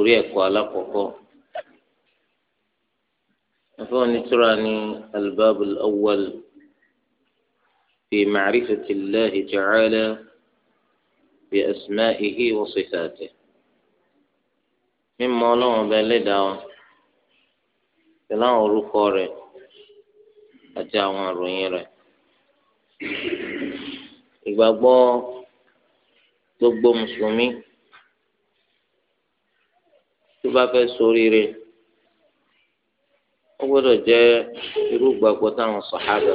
orí ẹ̀kọ́ alákọ̀ọ́kọ́ ẹ̀fọ́ nítorá ní albab al-awwal fi ma'rifati Allah ta'ala bi asma'ihi wa sifatihi mímọ̀ Ọlọ́run ọba Ẹlẹ́dàá wa àwọn orúkọ rẹ̀ àti àwọn àròyìn rẹ̀ ìgbàgbọ́ gbogbo mùsùlùmí. tó bá fẹ́ ṣoríire ó gbọ́dọ̀ jẹ́ irú gbàgbọ́ táwọn sàhábà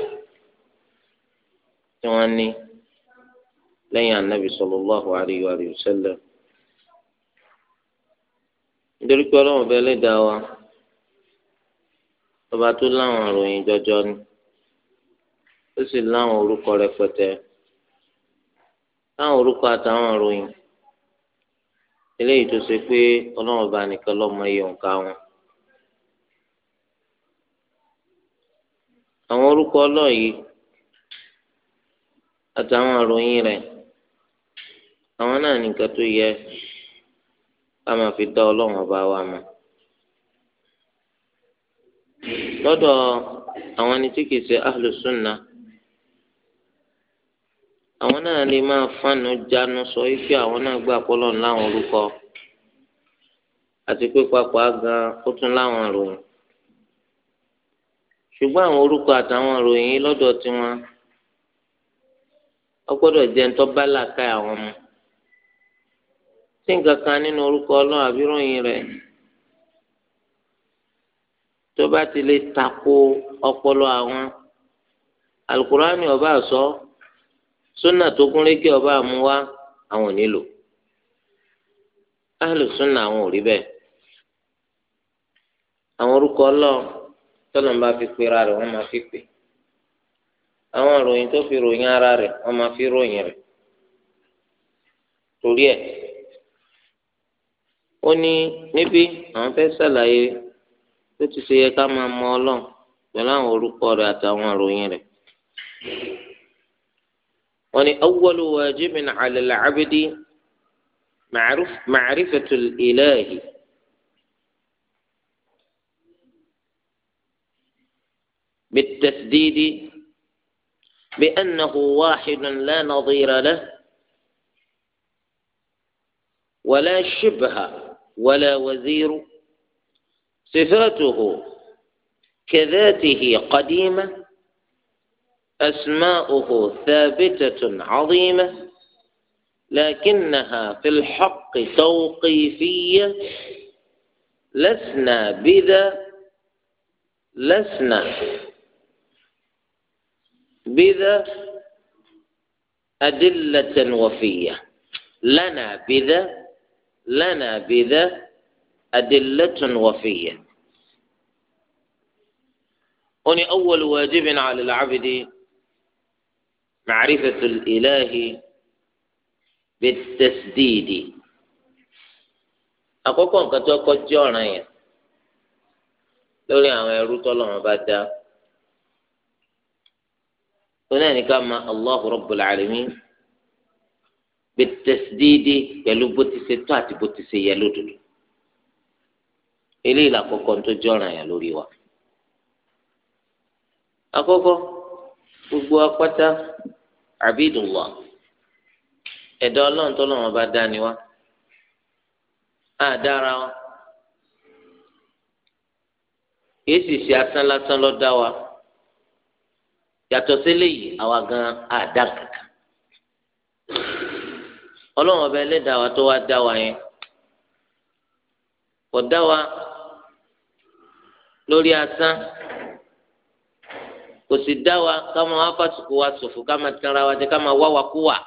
tí wọ́n ní lẹ́yìn anabi sallallahu alayhi wa sallam nítorí pé ọlọ́run bẹ́ẹ̀ lè dá wa ọba tó láwọn àròyìn jọjọ ni ó sì láwọn orúkọ rẹpẹtẹ láwọn orúkọ àtàwọn eléyìí tó ṣe pé ọlọ́run bá nìkan lọ́mọ iye òǹkà wọn. àwọn orúkọ ọlọ́run yìí àtàwọn àròyìn rẹ̀ àwọn náà nìkan tó yẹ ká máa fi dá ọlọ́run ọba wa mọ̀. lọ́dọ̀ àwọn ẹni tí kìí àwọn náà lè máa fanu janu sọ ife àwọn náà gbà pọlọ láwọn orúkọ àti pé papọ̀ gan ó tún láwọn ròyìn ṣùgbọ́n àwọn orúkọ àtàwọn ròyìn lọ́dọ̀ tiwọn ó gbọ́dọ̀ jẹ́ ntọ́ba làkà àwọn ọmọ tí nǹkan kan nínú orúkọ ọlọ́run àbí ròyìn rẹ̀ tó bá ti lè tako ọpọlọ àwọn alukurani ọba sọ. So, Sona tó gún régé ọba àmúwá àwọn ò nílò áàlù súnà àwọn ò rí bẹ́ẹ̀ àwọn orúkọ Ọlọ́run tọlọ ń bá fi pera rẹ̀ wọ́n máa fi pè àwọn ìròyìn tó fi ròyìn ara rẹ̀ wọ́n máa fi ròyìn rẹ̀ torí ẹ̀ ó ní níbí àwọn fẹ́ tó ti ṣe yẹ ká máa mọ Ọlọ́run pẹ̀lú àwọn orúkọ rẹ̀ وني أول واجب على العبد معرف معرفة الإله بالتسديد بأنه واحد لا نظير له ولا شبه ولا وزير صفاته كذاته قديمة أسماؤه ثابتة عظيمة لكنها في الحق توقيفية لسنا بذا لسنا بذا أدلة وفية لنا بذا لنا بذا أدلة وفية أني أول واجب على العبد معرفة الإله بالتسديد àkọ́kọ́ nǹkan tó kọ́ jẹ́ ọ̀ràn yẹn lórí àwọn ẹrú tọ́lọ́run bá dá oní ẹnìkan ma Allahu Rabbul Alamin bitasdidi pẹ̀lú bó ti ṣe tó àti bó ti ṣe yẹ lódodo eléyìí làkọ́kọ́ tó jẹ́ ọ̀ràn yẹn lórí wa àkọ́kọ́ gbogbo apáta abidullah ẹ̀dá ọlọ́run tó lọ́wọ́ bá dá ni wá á dára wọn kìí sì ṣe asán lásán ló dá wa yàtọ̀ sílẹ̀ yìí àwa gan á kankan ọlọ́run ọba ẹlẹ́dàá tó wá dá wa yẹn kò dá wa lórí asán kò sì dá wa ká máa wá fàṣùkò wa ṣòfò ká máa tanra wa jẹ ká máa wá wa kú wa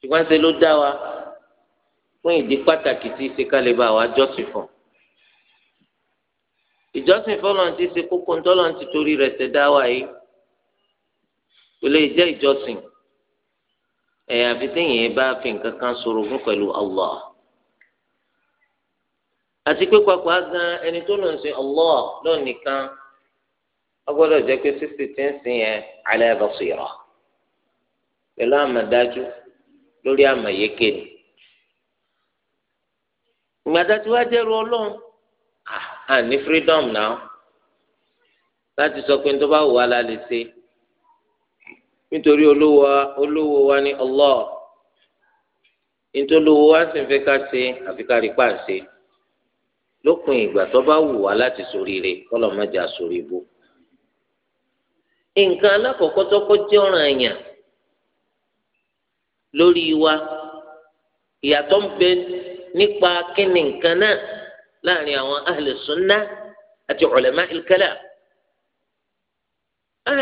ṣùgbọ́n ṣe ló dá wa fún ìdí pàtàkì tí ṣe ká lè bá wa jọ́sìn fún ìjọsìn fọlọ́n ti ṣe kókó ńtọ́lọ́n ti torí rẹ̀ ṣẹ̀dá wa yìí kò lè jẹ́ ìjọsìn ẹ̀yà àfi téèyàn bá fi nǹkan kan ṣorogún pẹ̀lú Allah àti pé pàpà gan ẹni tó lọ ń sin Allah lọ́nìkan ọgbọ́dọ̀ jẹ́ pé sísè tí ń sìn yẹn ala basira pẹ̀lú àmọ̀dájú lórí àmọ̀yéké ni ìgbàdájú wa dẹrù ọlọ́run à ní freedom náà láti sọ pé tó bá wù wá la lè ṣe nítorí olówó olówó wa ní Allah nítorí olówó wa sì ń fẹ́ ká ṣe àfi ká rí pa ṣe lópin ìgbà tó bá wù wá láti ṣoríire kọ́lọ́ mọ́jà sórí ibú. nǹkan alákọ̀ọ́kọ́ tọ́kọ́ jẹ́ ọ̀ràn àyàn lórí wa ìyàtọ̀ ń bẹ nípa kíni nǹkan náà láàrin àwọn ahlu àti ulama al-kalam àwọn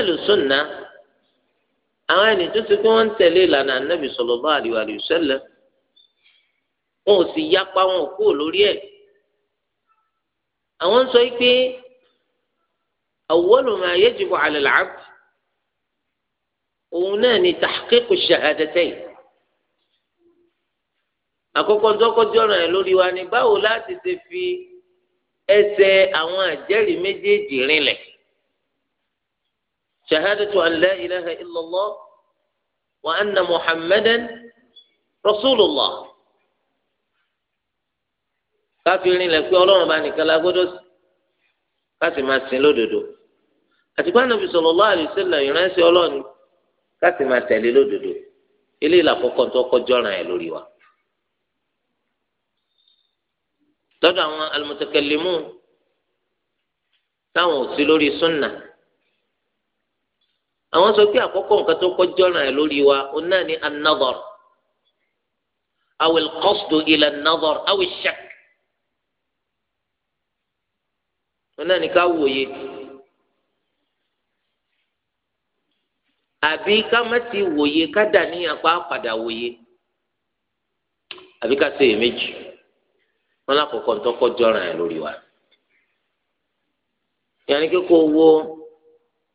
ẹni tó ti kí wọ́n ń tẹ̀lé ìlànà anábì wọn ò sì yapa wọn kúrò lórí ẹ̀ àwọn ń sọ pé awwalu ma yajibu ala al-abd òun náà ni tahqiqu shahadatayn àkọ́kọ́ ńdọkọjọ ọ̀ràn ẹ lórí wa ni báwo láti ṣe fi ẹsẹ̀ àwọn àjẹ́rìí méjèèjì rinlẹ̀ shahadatu an la ilaha illallah wa anna muhammadan rasulullah káfíìnrin lẹ pé ọlọ́run bá nìkan la gbọ́dọ̀ ká masi máa sìn àtìgbà nàbì sallallahu alaihi wasallam ìránṣẹ́ Ọlọ́run káàsì máa tẹ̀lé lódodo eléyìí làkọ́kọ́ tó kọjọ ràn ẹ lórí wa. lọ́dọ̀ àwọn alùmọ̀tẹ́kẹ́lẹ́mù táwọn ò sí lórí súnà àwọn sọ pé àkọ́kọ́ nǹkan tó kọjọ ràn ẹ lórí wa òun náà ní an-nadhar aw al-qasdu ila an-nadhar náà ní ká wòye. àbí ká má ti wòye ká dà níyàn pa padà wòye àbí ká ṣe èméjì wọn lákòókò ntọ́kọ́ jọra ẹ̀ lórí wa yẹn kí kò wo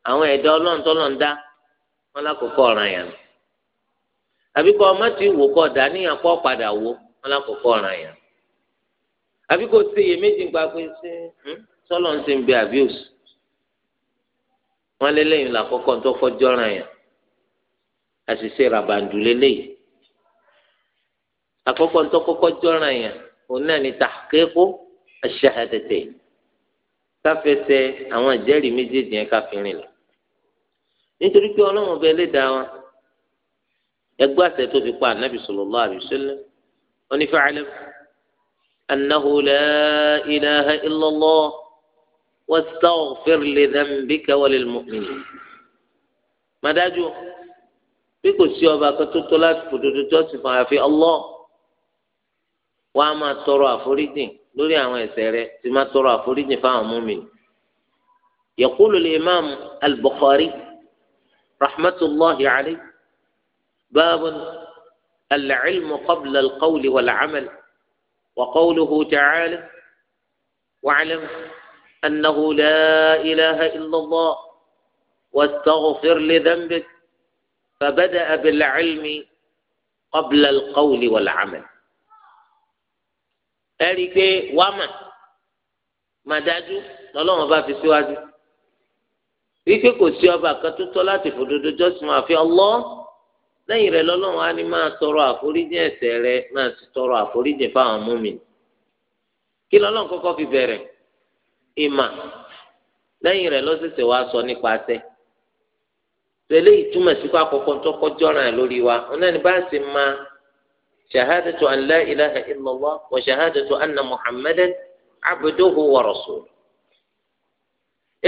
àwọn ẹ̀dá ọlọ́ntọ́lọ́ ń dá wọn lákòókò ọ̀ràn yẹn àbí má ti wò kọ́ dà padà wò wọn lákòókò ọ̀ràn yẹn àbí kò ṣe èméjì gba pé sọlọ ń ṣe ń bẹ àṣìṣe ràbàǹdùlé léyìí àkọ́kọ́ ntọkọkọ jọra yẹn òun náà ni tàkékó aṣahadẹtẹ káfẹsẹ̀ àwọn ìjẹ́rìí méjèèjì yẹn káfírin lọ nítorí pé Ọlọ́run ọbẹ lè dá wa ẹgbẹ́ àṣẹ tó fi pa anabi sallallahu alaihi wasallam wọn ní fa'lam annahu la ilaha illallah wastaghfir li dhanbika wa lil mu'minin bí kò sí ọba kan tó tó láti fòdodo sì fún àfi ọlọ wa máa tọrọ àforíjì lórí àwọn ẹ̀ṣẹ̀ rẹ̀ tí máa tọrọ àforíjì fún àwọn mọmìn lè àforíjìn fáwọn mùmínì. يقول الإمام البخاري رحمة الله عليه باب العلم قبل القول والعمل وقوله تعالى واعلم أنه لا إله wa الله واستغفر لذنبك فبدأ بالعلم قبل القول والعمل ẹ̀rí pé wàá má dájú lọ́lọ́run bá fi síwájú wípé kò sí ọba kan tó tọ́ láti fòdodo jọ́sìn àfi ọlọ́ lẹ́yìn tọrọ àforíjì máa tọrọ àforíjì fáwọn kí kọ́kọ́ fi bẹ̀rẹ̀ ìmà lẹ́yìn rẹ̀ lọ́sẹ̀sẹ̀ sọ nípa tẹlẹ ìtumọ̀ sí kó àkọ́kọ́ tó kọjọ́ ràn lórí wa ọ̀nà ni bá a sì máa shahadatu an la ilaha illallah wa shahadatu anna muhammadan abduhu wa rasuluhu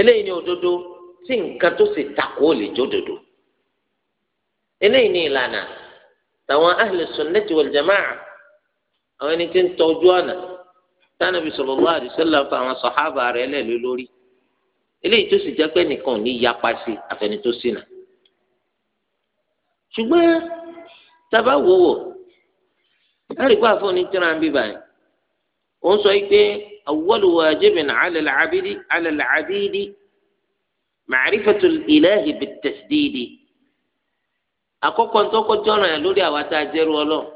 eléyìí ni òdodo tí nǹkan tó sì takò lè jó dodo eléyìí ni ìlànà tàwọn ahlu sunnati wal jama'a àwọn ẹni tí ń tọ́jú ọ̀nà tánàbí sallallahu alaihi wasallam fún àwọn sàhábà rẹ̀ lẹ́lẹ́ lórí eléyìí tó sì jẹ́ pé nìkan ní yapa sí àfẹnitó sínà ṣùgbọ́n tàbá wò wò ẹ̀ríkọ́ àfọ̀nì tíra ń bí báyìí ó ń sọ pé awwalu wajibin ala al-abidi ala al-abidi ma'rifatul ilahi bit-tasdidi àkọ́kọ́ ntọ́kọ́ jọ́ràn ẹ̀ lórí àwa tá a jẹ́rú ọlọ́run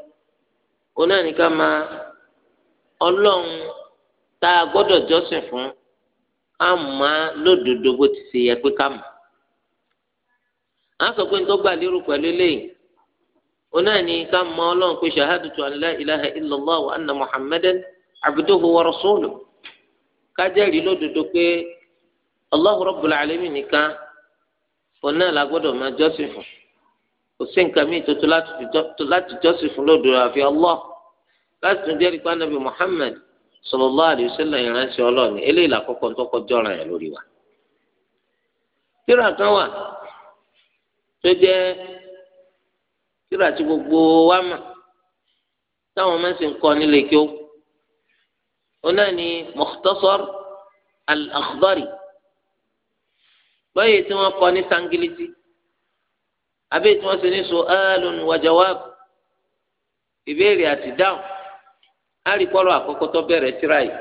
ó náà ní máa ọlọ́run tá a gbọ́dọ̀ jọ́sìn fún á máa lódodo bó ti ṣe yẹ pé ká mọ̀ a sọ pé nítorí gbà lérò pẹ̀lú eléyìí onáà ní ká mọ ọlọ́run pé shahadatu an la ilaha illallah wa anna muhammadan abduhu wa rasuluhu ká jẹ́rìí lódodo pé allahu rabbul alamin nìkan onáà la gbọ́dọ̀ máa jọ́sìn fún kò sí nǹkan míì tó tó láti jọ́sìn fún lódodo àfi allah láti tún jẹ́rìí pé anabi muhammad sallallahu alaihi ìránṣẹ́ ọlọ́run eléyìí làkọ́kọ́ tó kọjọ́ ra yẹn lórí wa. tíra kan wà tó jẹ́ kíra tí gbogbo wa mà táwọn ọmọ sì ń kọ́ nílé kí ó ọ̀nà ni Mukhtasar al-Akhdari báyìí tí wọ́n kọ́ ní sangiliti àbí tí wọ́n ṣe ní su'alun wa jawab ìbéèrè àti dáhùn àríkọ́rọ̀ àkọ́kọ́ tó bẹ̀rẹ̀ tírà yìí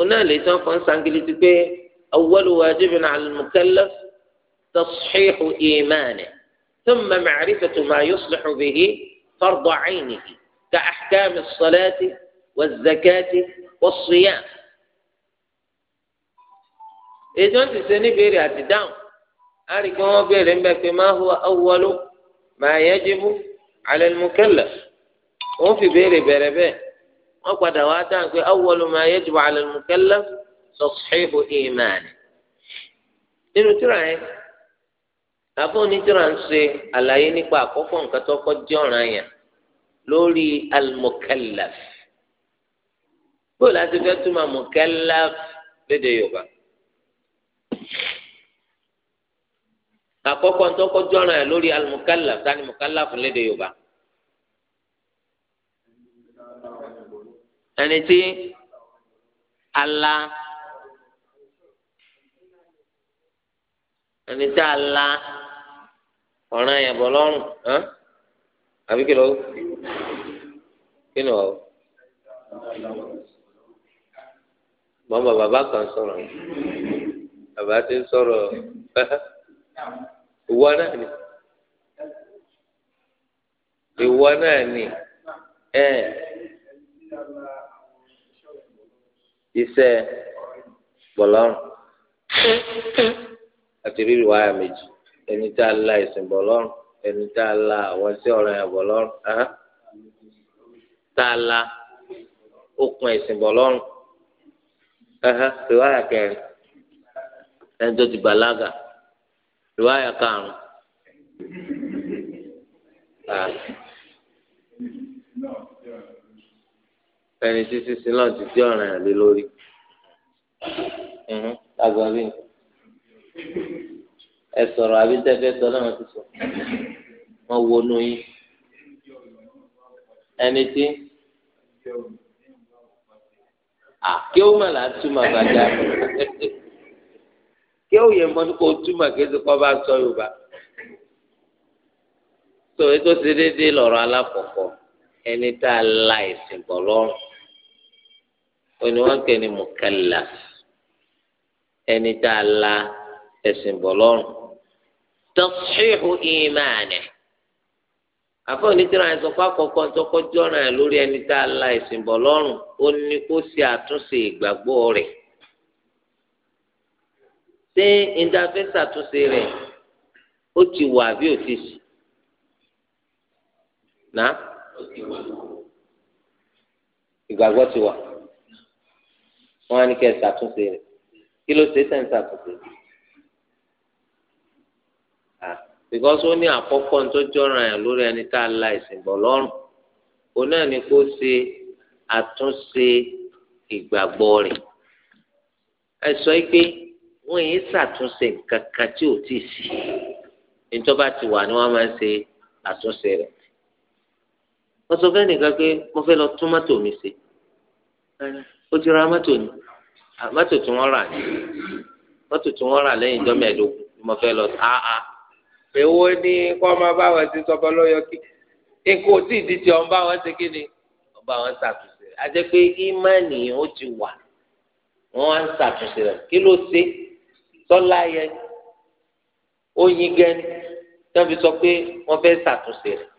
ọ̀nà lè tí wọ́n kọ́ ní sangiliti pé awwalu wajibin 'ala al تصحيح إيمانه ثم معرفة ما يصلح به فرض عينه كأحكام الصلاة والزكاة والصيام إذا إيه أنت سني بيري أتدام أريك ما بيري ما هو أول ما يجب على المكلف وفي بيري بيري بيري أول ما يجب على المكلف تصحيح إيمانه إنه ترى إيه؟ àbọ̀ onídìrà ń ṣe àlàyé nípa àkọ́kọ́ nǹkan tó kọ́ jẹ́ ọ̀ràn àyàn lórí al-mukallaf bóòlù àti fẹ́ túmọ̀ mukallaf lédè yorùbá àkọ́kọ́ ń tọ́kọ́ jẹ́ ọ̀ràn àyàn lórí al tani mukallaf lédè yorùbá ẹni tí ala ẹni tí ala ọ̀ràn yẹn bọ̀ lọ́rùn hàn àbí kí ló kí ló bọ́mbà bàbá kan sọ̀rọ̀ bàbá ti ń sọ̀rọ̀ ìwọ náà ni ìwọ náà ni ẹ iṣẹ́ bọ̀lọ́rùn àti rírì wáyà méjì ẹni tá a la ìsìn bọ̀ lọ́rùn ẹni tá a la àwọn sí ọ̀rọ̀ yẹn bọ̀ lọ́rùn tá a la okùn ẹ̀sìn bọ̀ lọ́rùn rìwáyà kẹrin ẹni tó ti bàlágà rìwáyà karùn ah. ẹni títí sí náà ti di ọ̀ràn yẹn lé lórí. Agbọ̀n bíi ẹ sọ̀rọ̀ àbí tẹfẹ sọ náà wọn ti sọ wọn wo nu yín ẹni tí kí ó mà là túmọ̀ bàjá kí ó yẹ mọ́ kó túmọ̀ kí ẹsẹ̀ kọ́ bá sọ yorùbá tó ètò ṣe déédéé lọ́rọ̀ alákọ̀ọ́kọ́ ẹni tá a la ẹ̀sìn bọ̀ lọ́rùn òní wọn kẹ́ ni mùkálà ẹni tá a la ẹ̀sìn bọ̀ lọ́rùn tashihu ìmánì àfọ onítìrọ àìsàn pákọ̀ọ̀kan tọkọ jọ́ra ẹ̀ lórí ẹni tá a la ẹ̀sìn bọ̀ lọ́rùn ó ní kó ṣe àtúnṣe ìgbàgbọ́ rẹ̀ ṣé ìdáfẹ́sẹ̀ àtúnṣe rẹ̀ ó ti wà bí ó ti sì ná ìgbàgbọ́ ti wà wọ́n á ní kẹ́ ẹ̀ ṣàtúnṣe rẹ̀ kí ló ṣe é sẹ́ńsà àtúnṣe rẹ̀. because ó ní àkọ́kọ́ ní tó jọ̀ràn yẹn lórí ẹni tá a la ìsìn bọ̀ lọ́rùn òun náà ni kó ṣe àtúnṣe ìgbàgbọ́ rẹ̀ ẹ sọ pé wọ́n yìí ṣàtúnṣe kankan tí ò tí ì sí ìjọba ti wà ni wọ́n máa ń ṣe àtúnṣe rẹ̀ wọ́n sọ fẹ́ nìkan pé mo fẹ́ lọ tún mọ́tò mi ṣe ó ti ra mọ́tò ni mọ́tò tí wọ́n rà ni mọ́tò tí wọ́n rà lẹ́yìn ìjọ mẹ́ẹ̀ẹ́dógún mo fẹ́ lọ tá a èwo ni kọ́ máa bá wọn ti sọ́kọ́ lọ́yọ̀ kí nǹkan tí ìdí tí ọ̀n bá wọn ṣe kí ni ọ̀n bá wọn ṣàtúnṣe rẹ̀ àti pé ìmánì ó ti wà wọ́n wá ń ṣàtúnṣe rẹ̀ kí ló ṣe sọ́lá yẹn ó yin gẹ́ni tẹ́bi sọ pé wọ́n fẹ́ ṣàtúnṣe rẹ̀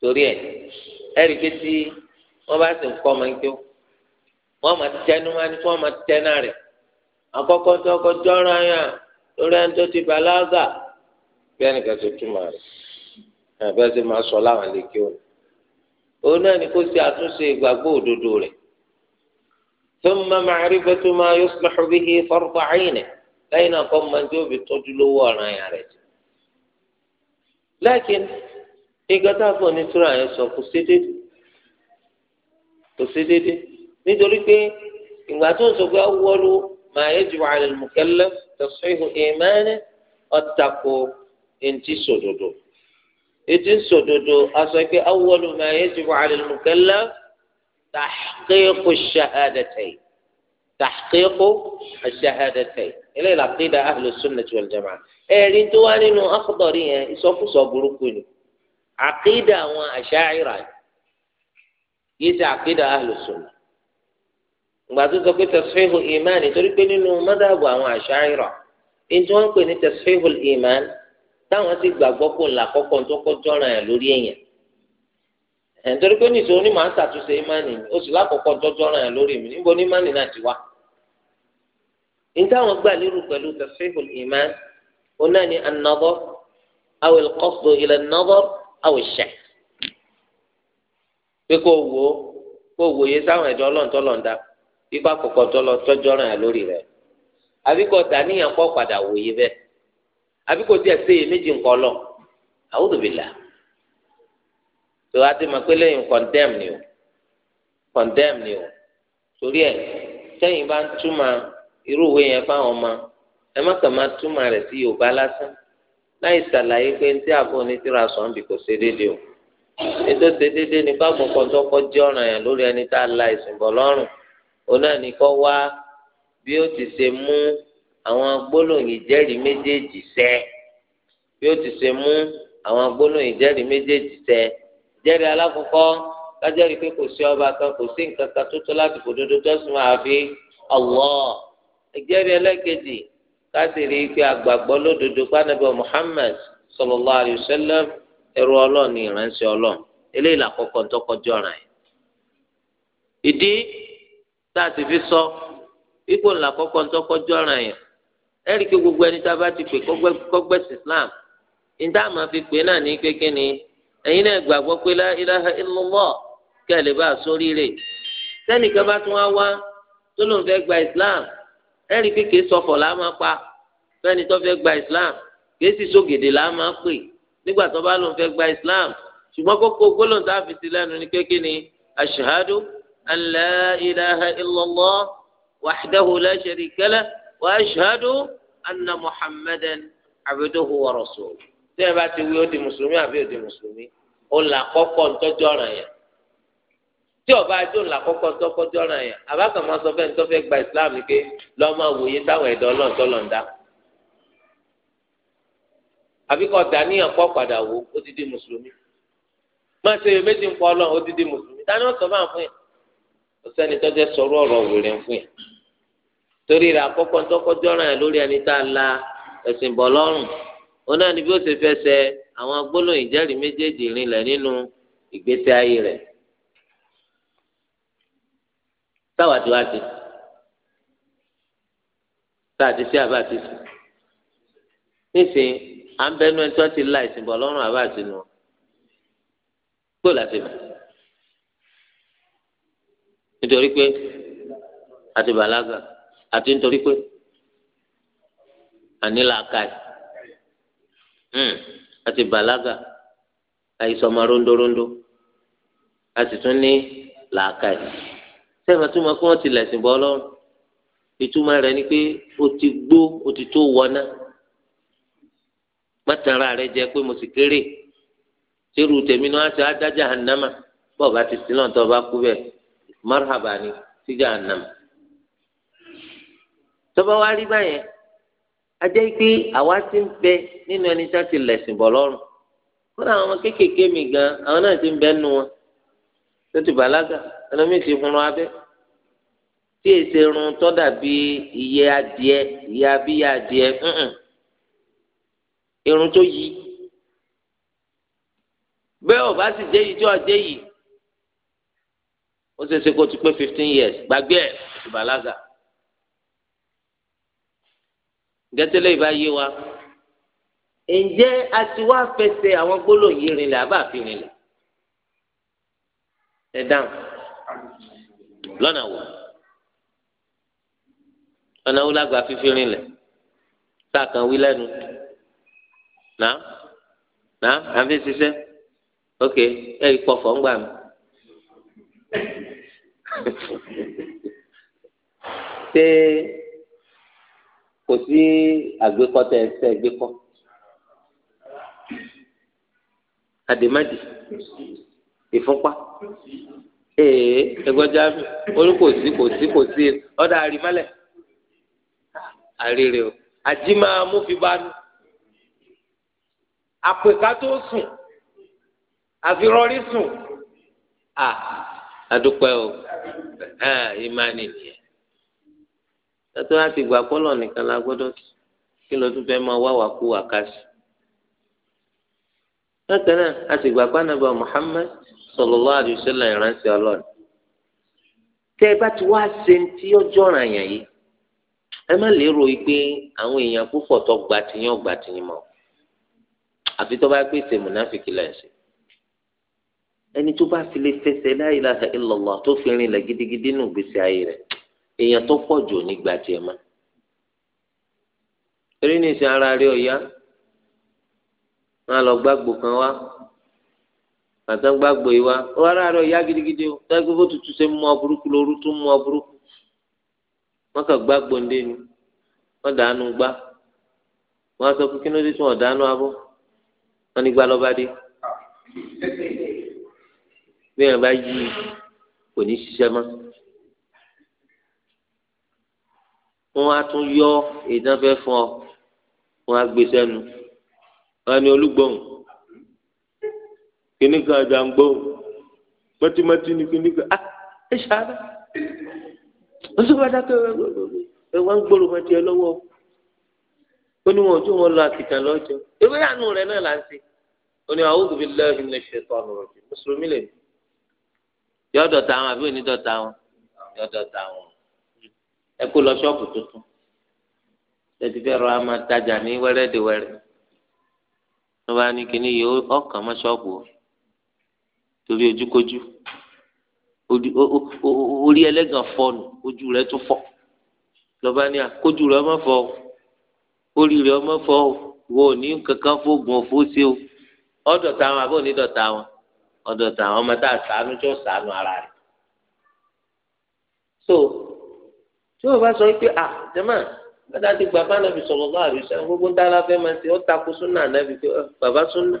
torí ẹ̀ ẹ̀rí pé tí wọ́n bá sì ń kọ́ ọmọ ẹgbẹ́ wọ́n máa tẹnu wá máa tẹ́ná rẹ̀ àkọ́kọ́ tó ọkọ̀ jọ́ra yẹn lórí ẹni tó ti bàlágà bí ẹnìkan ti túmọ̀ rẹ̀ ẹ̀bẹ́ ti máa sọ láwọn àlejò òní. òun náà ni kó ṣe àtúnṣe ìgbàgbọ́ òdodo rẹ̀. thumma ma'rifatu ma yuslihu bihi fardu 'aynihi lẹ́yìn náà kọ́ máa ń tí ó fi tọ́jú lówó ọ̀ràn ayà rẹ̀ jù. lẹ́kìn ìgbàtà fún onítúrà sọ kò sí dédé kò sí dédé nítorí pé ìgbà tó ń sọ pé awwalu ma yajibu 'ala al-mukallaf tẹ̀síhù ìmánì ọ̀tàkù ẹ̀ǹtí sòdodo ẹ̀ǹtí sòdodo aṣọ pé awọ́lu máa yẹ ti wà lẹ́nu mùkẹ́lá tàḥkíkù ṣahadàtẹ̀ tàḥkíkù ṣahadàtẹ̀ eléyìí làkìdá ahlù sunnah wal jamaa ẹ̀rí tó wá nínú akọ̀dọ̀rí yẹn ìsọkúsọ burúkú ni àkìdá àwọn àṣàyíra yìí ti àkìdá ahlù sunnah. ìgbà tó sọ pé tẹsíhù ìmánì n'inu pé nínú mọ́dàbọ̀ àwọn àṣàyìrọ̀ ètò wọn pè ní tẹsíhù ìmánì táwọn sì gbàgbọ́ kó ńlá kọ́kọ́ tó kọjọ́ ràn yẹn lórí èèyàn nítorí pé nìṣó ni màá ṣàtúnṣe ìmánì oṣù lákọ̀ọ́kọ́ tọ́jọ́ ràn yẹn lórí mi níbo ni ìmánì náà ti wá. ìtàwọn gbà lérò pẹ̀lú tẹsíhù ìmánì oná ni ipa kọ̀kọ́ tó lọ tọ́jọ́ ràn yà lórí rẹ̀ àbíkọ́ dàníyàn kọ́ padà wòye bẹ́ẹ̀ àbíkọ́ tí a ṣe é méjì ńkọ́ lọ a'udhu billah tó a ti mọ̀ pé lẹ́yìn condemn ni o condemn ni o torí ẹ̀ sẹ́yìn bá ń túmọ̀ irú ìwé yẹn fáwọn ọmọ ẹ má kàn máa túmọ̀ rẹ̀ sí yorùbá lásán láì ṣàlàyé pé ní tí àbọ̀ ní tíra sọ̀n bí kò ṣe déédéé o ètò ṣe déédéé ní bá gbọ̀ngàn tó kọjá ọ̀ràn yẹn lórí ẹni tá a la ìsìnbọ̀ lọ́rùn onáàní kọ́ wá bí ó ti ṣe mú àwọn gbólóhùn ìjẹ́rìí méjèèjì ṣẹ bí ó ti ṣe mú àwọn gbólóhùn ìjẹ́rìí méjèèjì ṣẹ jẹ́rìí alákọ̀ọ́kọ́ kájẹ́rìí pé kò sí ọba kan kò sí nǹkan kan tó tọ́ láti fòdodo tọ́sùn àfi Allah ìjẹ́rìí ẹlẹ́kejì kásìrí pé àgbàgbọ́ lódodo pánàbẹ́ Muhammad sallallahu alayhi ọlọ́ọ̀ni ìránṣẹ́ ọlọ́ọ̀ eléyìí làkọ́kọ́ tá a sì fi sọ ipò ńlá kọ́kọ́ ń tọ́kọ́jú ọ̀ràn yẹn ẹ̀rí kí gbogbo ẹni tá a bá ti pè kọ́gbẹ́sì Islam níta máa fi pè náà ní kékeré ni ẹ̀yin náà gbàgbọ́ pé la ilaha illallah kẹ́ ẹ̀ lè bá a sórí rè sẹ́nìkan bá tún wá wá tó lóun fẹ́ gba Islam ẹ̀rí kí kìí sọ̀fọ̀ là máa pa fẹ́ni tó fẹ́ gba Islam kìí sì sógèdè là pè nígbà tó bá lóun fẹ́ gba Islam ṣùgbọ́n kókó gbólóhùn tá a fi sí lẹ́nu ní kékeré ni ashhadu أن لا إله إلا الله وحده لا شريك له وأشهد أن محمدا عبده ورسوله tẹ́ ẹ bá ti wí ó di mùsùlùmí àbí ó di mùsùlùmí ó là kọ́kọ́ ntọ́jú ọ̀ràn yẹn tí ọba ajó là kọ́kọ́ ntọ́jú ọ̀ràn yẹn abákàmọ́ sọ fẹ́ ntọ́fẹ́ gba ìsìláàmù pé lọ́mọ wòye táwọn ẹ̀dọ́ ọlọ́ọ̀tọ́ lọ́ọ̀dá àbíkọ́ dàníyàn kọ́ padà wò ó ti di mùsùlùmí má ṣe méjì ń pọ̀ ọlọ́run ó ti di mùsùlùmí dání sọ fún àwọn fún yẹn ọsẹni tọjẹ sọ̀rọ̀ ọ̀rọ̀ wèrè ń fún yẹn torí rẹ̀ àkọ́kọ́ ntọkọjọ yẹn lórí ẹni tá a la ẹ̀sìn bọ́ lọ́rùn òun náà ni bí ó ṣe fẹsẹ̀ àwọn gbólóhùn ìjẹ́rìí méjèèjì rinlẹ̀ nínú ìgbésí ayé rẹ̀ táwa ti wá ti tá a ti ṣe àbá ti sùn nísìnyí à ń bẹnu ẹni tó ti la ẹ̀sìn bọ́ lọ́rùn àbá ti nù kó láti nítorí pé àti bàlágà àti nítorí pé ànílàákàì àti hmm, bàlágà àìsọmọ rondorondo a sì tún ní làákàì sẹ́ẹ̀mà tó máa kó wọ́n ti lẹ̀sìn bọ́ lọ́rùn ìtumọ̀ rẹ̀ ni pé o ti gbó o ti tó wọná mọ́tàrà rẹ̀ jẹ́ pé mo sì kéré ṣerú tèmi ni wọ́n á ṣe adájà hànámà bọ́ọ̀ bá ti sílọ̀ tó o bá kú bẹ́ẹ̀ marhaba ni sí jahannam tọ́ba wa rí báyẹn ajẹ́ pé àwa ti ń bẹ nínú ẹni tá ti lẹ̀sìn bọ̀ lọ́rùn fún àwọn ọmọ kéékèèké mi gan àwọn náà ti ń bẹ nínú wọn tó ti bàlágà ẹlòmíì ti hun abẹ́ tí èsè irun tó dàbí iye adìẹ iye abíyá adìẹ irun tó yí bẹ́ẹ̀ ò sì jẹ́ yìí tó ọjẹ́ yìí ó ṣeé ṣe kó ti pé fifteen years gbàgbé ẹ̀ ti bàlágà gẹ́tẹ́lẹ́ ìbá yé wa ǹjẹ́ a ti wá fẹsẹ̀ àwọn gbólóyè rinlẹ̀ àbá fi rinlẹ̀ ẹ dáhùn lọ́nà wo ọ̀nà wo lágbà fífi rinlẹ̀ sáà kan wí lẹ́nu náà náà àfi ṣiṣẹ́ ok ẹ̀ ìpọ̀fọ̀ ń gbà mí ṣé kò sí àgbékọ́ tẹ ẹsẹ̀ gbékọ́ àdèmádì ìfúnpá ee ẹgbẹ́jà mi orí kò sí kò sí kò sí ọ̀dà àrímálẹ̀ àrèrè o àjìmá amúfibánu àpèká tó sùn àfirọ́rí sùn à àdúpẹ́ o. ìmánì nìyẹn tọ́tọ́ láti gbà kọ́lọ̀ nìkan la gbọ́dọ̀ kí ló tún fẹ́ máa wá wà kú àkàṣì. bákan náà a sì gbà pánàbà Muhammad sallallahu alaihi wasallam ìránṣẹ́ Ọlọ́run tẹ́ ẹ bá ti wá ṣe ọjọ́ yìí ẹ má lérò pé àwọn èèyàn púpọ̀ tó gbà mọ́ àfi tó bá lẹ́sìn ẹni tó bá fi lè fẹsẹ̀ la ilaha illallah tó fi rinlẹ̀ gidigidi nù gbèsè ayé rẹ̀ èèyàn tó pọ̀ jù ní gbàjẹ́ ma. eré ní ìsìn ara rí ọ̀yá máa lọ gbàgbó kan wá àtàn gbàgbó yìí wá ó ara rí ọ̀yá gidigidi o táyé gbogbo tuntun ṣe mú ọ burúkú lóru tún mú ọ burúkú wọn kàn gbàgbó ndé ni wọn dànù gbá wọn sọ pé kí ló dé tí wọn dànù abọ wọn ní gbà lọ́ba dé bí ẹ bá yí kò ní ṣiṣẹ́ mọ́ wọn á tún yọ ìdánfẹ fún ọ wọn á gbé sẹ́nu wọn á ní olúgbòhùn kíní kan àjàngbòhùn mọtímọtí ní kíní kan á ah, ẹ ṣáájú wọn sọ wọn dákẹ́ ẹ wọn gbòòrò mọtí ẹ lọ́wọ́ ó ní wọn ojú wọn lọ àkìtàn lọ́jọ́ ewé àánú rẹ náà là ń ṣe ó ní a'udhu billahi minash shaitanir rajim mùsùlùmí lè ní yọ dọ̀tà wọn àbí òní dọ̀tà wọn yọ dọ̀tà wọn ẹ kó lọ ṣọ́ọ̀bù tuntun tẹ̀sí fẹ́ rọ àmà tajà ní wẹ́rẹ́dẹ̀wẹ́rẹ́ wọn bá ní kíní yìí ọkàn mọ́ ṣọ́ọ̀bù o torí ojúkojú orí ẹlẹ́gàn fọnù ojú rẹ̀ tún fọ́ lọ́ba ní àkójú rẹ̀ ọmọ fọ́ orí rẹ̀ ọmọ fọ́ wo ní kankan fóògùn òfóṣe o ọ̀dọ̀tà wọn àbí òní wọn ọ̀dọ̀ tàwọn ọmọ tá a sànú tí ó sànú ara rẹ̀ so tí wọ́n bá sọ pé à ah, jẹ́mọ̀ bàtà ti gbà bá nàbì sọ̀rọ̀ bá àrùsá gbogbo ń dára fẹ́ máa ṣe ó takò súnà nàbì pé eh, bàbá súnà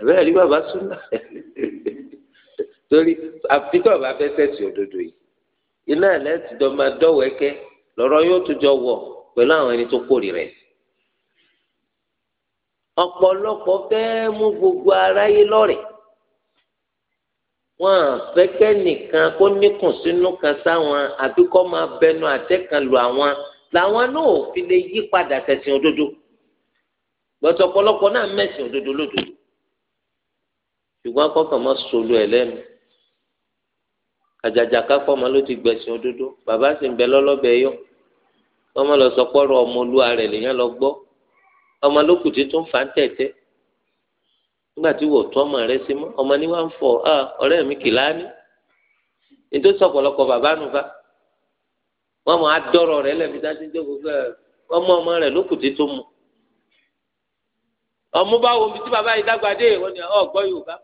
àbẹ́rẹ́ rí bàbá súnà torí àfitọ́ bá fẹ́ sẹ́sì òdodo yìí iná ẹ̀ lẹ́sìn dọ́ máa dọ́wọ́ yóò tún jọ wọ̀ pẹ̀lú àwọn ẹni tó kórìíra ẹ̀ ọ̀pọ̀lọpọ̀ fẹ́ẹ́ mú gbogbo aráyé lọ́rẹ̀ wọn àfẹ́kẹ́ nìkan kó níkùn sínú kan sáwọn àbí kọ́ máa bẹnu àtẹ́kan lu àwọn làwọn náà ò fi lè yí padà tẹ̀sìn òdodo gbọ́tọ̀ ọ̀pọ̀lọpọ̀ náà mẹ́sìn òdodo lódodo ṣùgbọ́n akọ́kàn mọ́ solo ẹ̀ lẹ́nu àjàjà kápọ̀ ọmọ ló ti gbẹ̀sìn òdodo bàbá sì ń bẹ lọ́lọ́bẹ̀ yọ ọmọ lọ sọ pọ́rọ̀ ọmọ olúwa lọ gbọ́ ọmọ ló kù tí tó ń fa tẹ̀tẹ̀ nígbà tí wọ́n tọ́ ọmọ rẹ sí mọ́ ọmọ ni wọ́n ń fọ ọ̀rẹ́ mi kì láàánú nítorí sọ̀pọ̀lọpọ̀ bàbá nù bá wọ́n mọ̀ á dọ́rọ̀ rẹ lẹ́bi dájú tó gbogbo ọmọ ọmọ rẹ ló kù tí tó mu ọmọ bá wo ibi tí bàbá yìí dàgbà dé wọ́n ní ọgbọ́ Yorùbá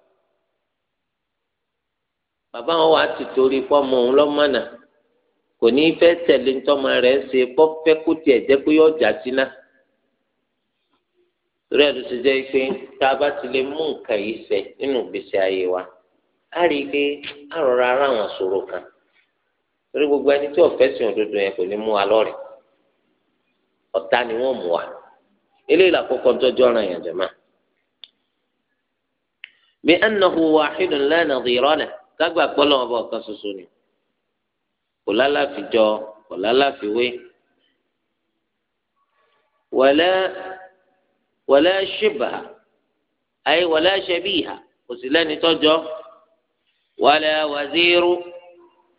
bàbá wọn wà á ti torí fọmọ òun lọ́mọ́nà kò ní í fẹ́ tẹ̀lé ntọ́mọ rẹ̀ ṣe kọ́ fẹ́ kó tiẹ̀ jẹ́ pé yọ̀ọ́ torí ẹ̀ ló ti jẹ́ pé tá a bá ti lè mú nǹkan yìí ṣẹ nínú ìgbésí ayé wa a rí i pé a rọra ara àwọn sọ̀rọ̀ kan torí gbogbo ẹni tí ọ̀fẹ́ sìn òdodo yẹn kò ní mú wa lọ́rẹ̀ ọ̀tá ni wọ́n mú wa eléyìí làkọ́kọ́ tọ́jọ́ ọ̀ràn yẹn jẹ̀ bí ẹnìkan lẹ́nà kágbà ọba ọ̀kan ṣoṣo ni kò kò wala shibha ay wala shabiha kò sí lẹ́ni tọ́jọ́ wala waziru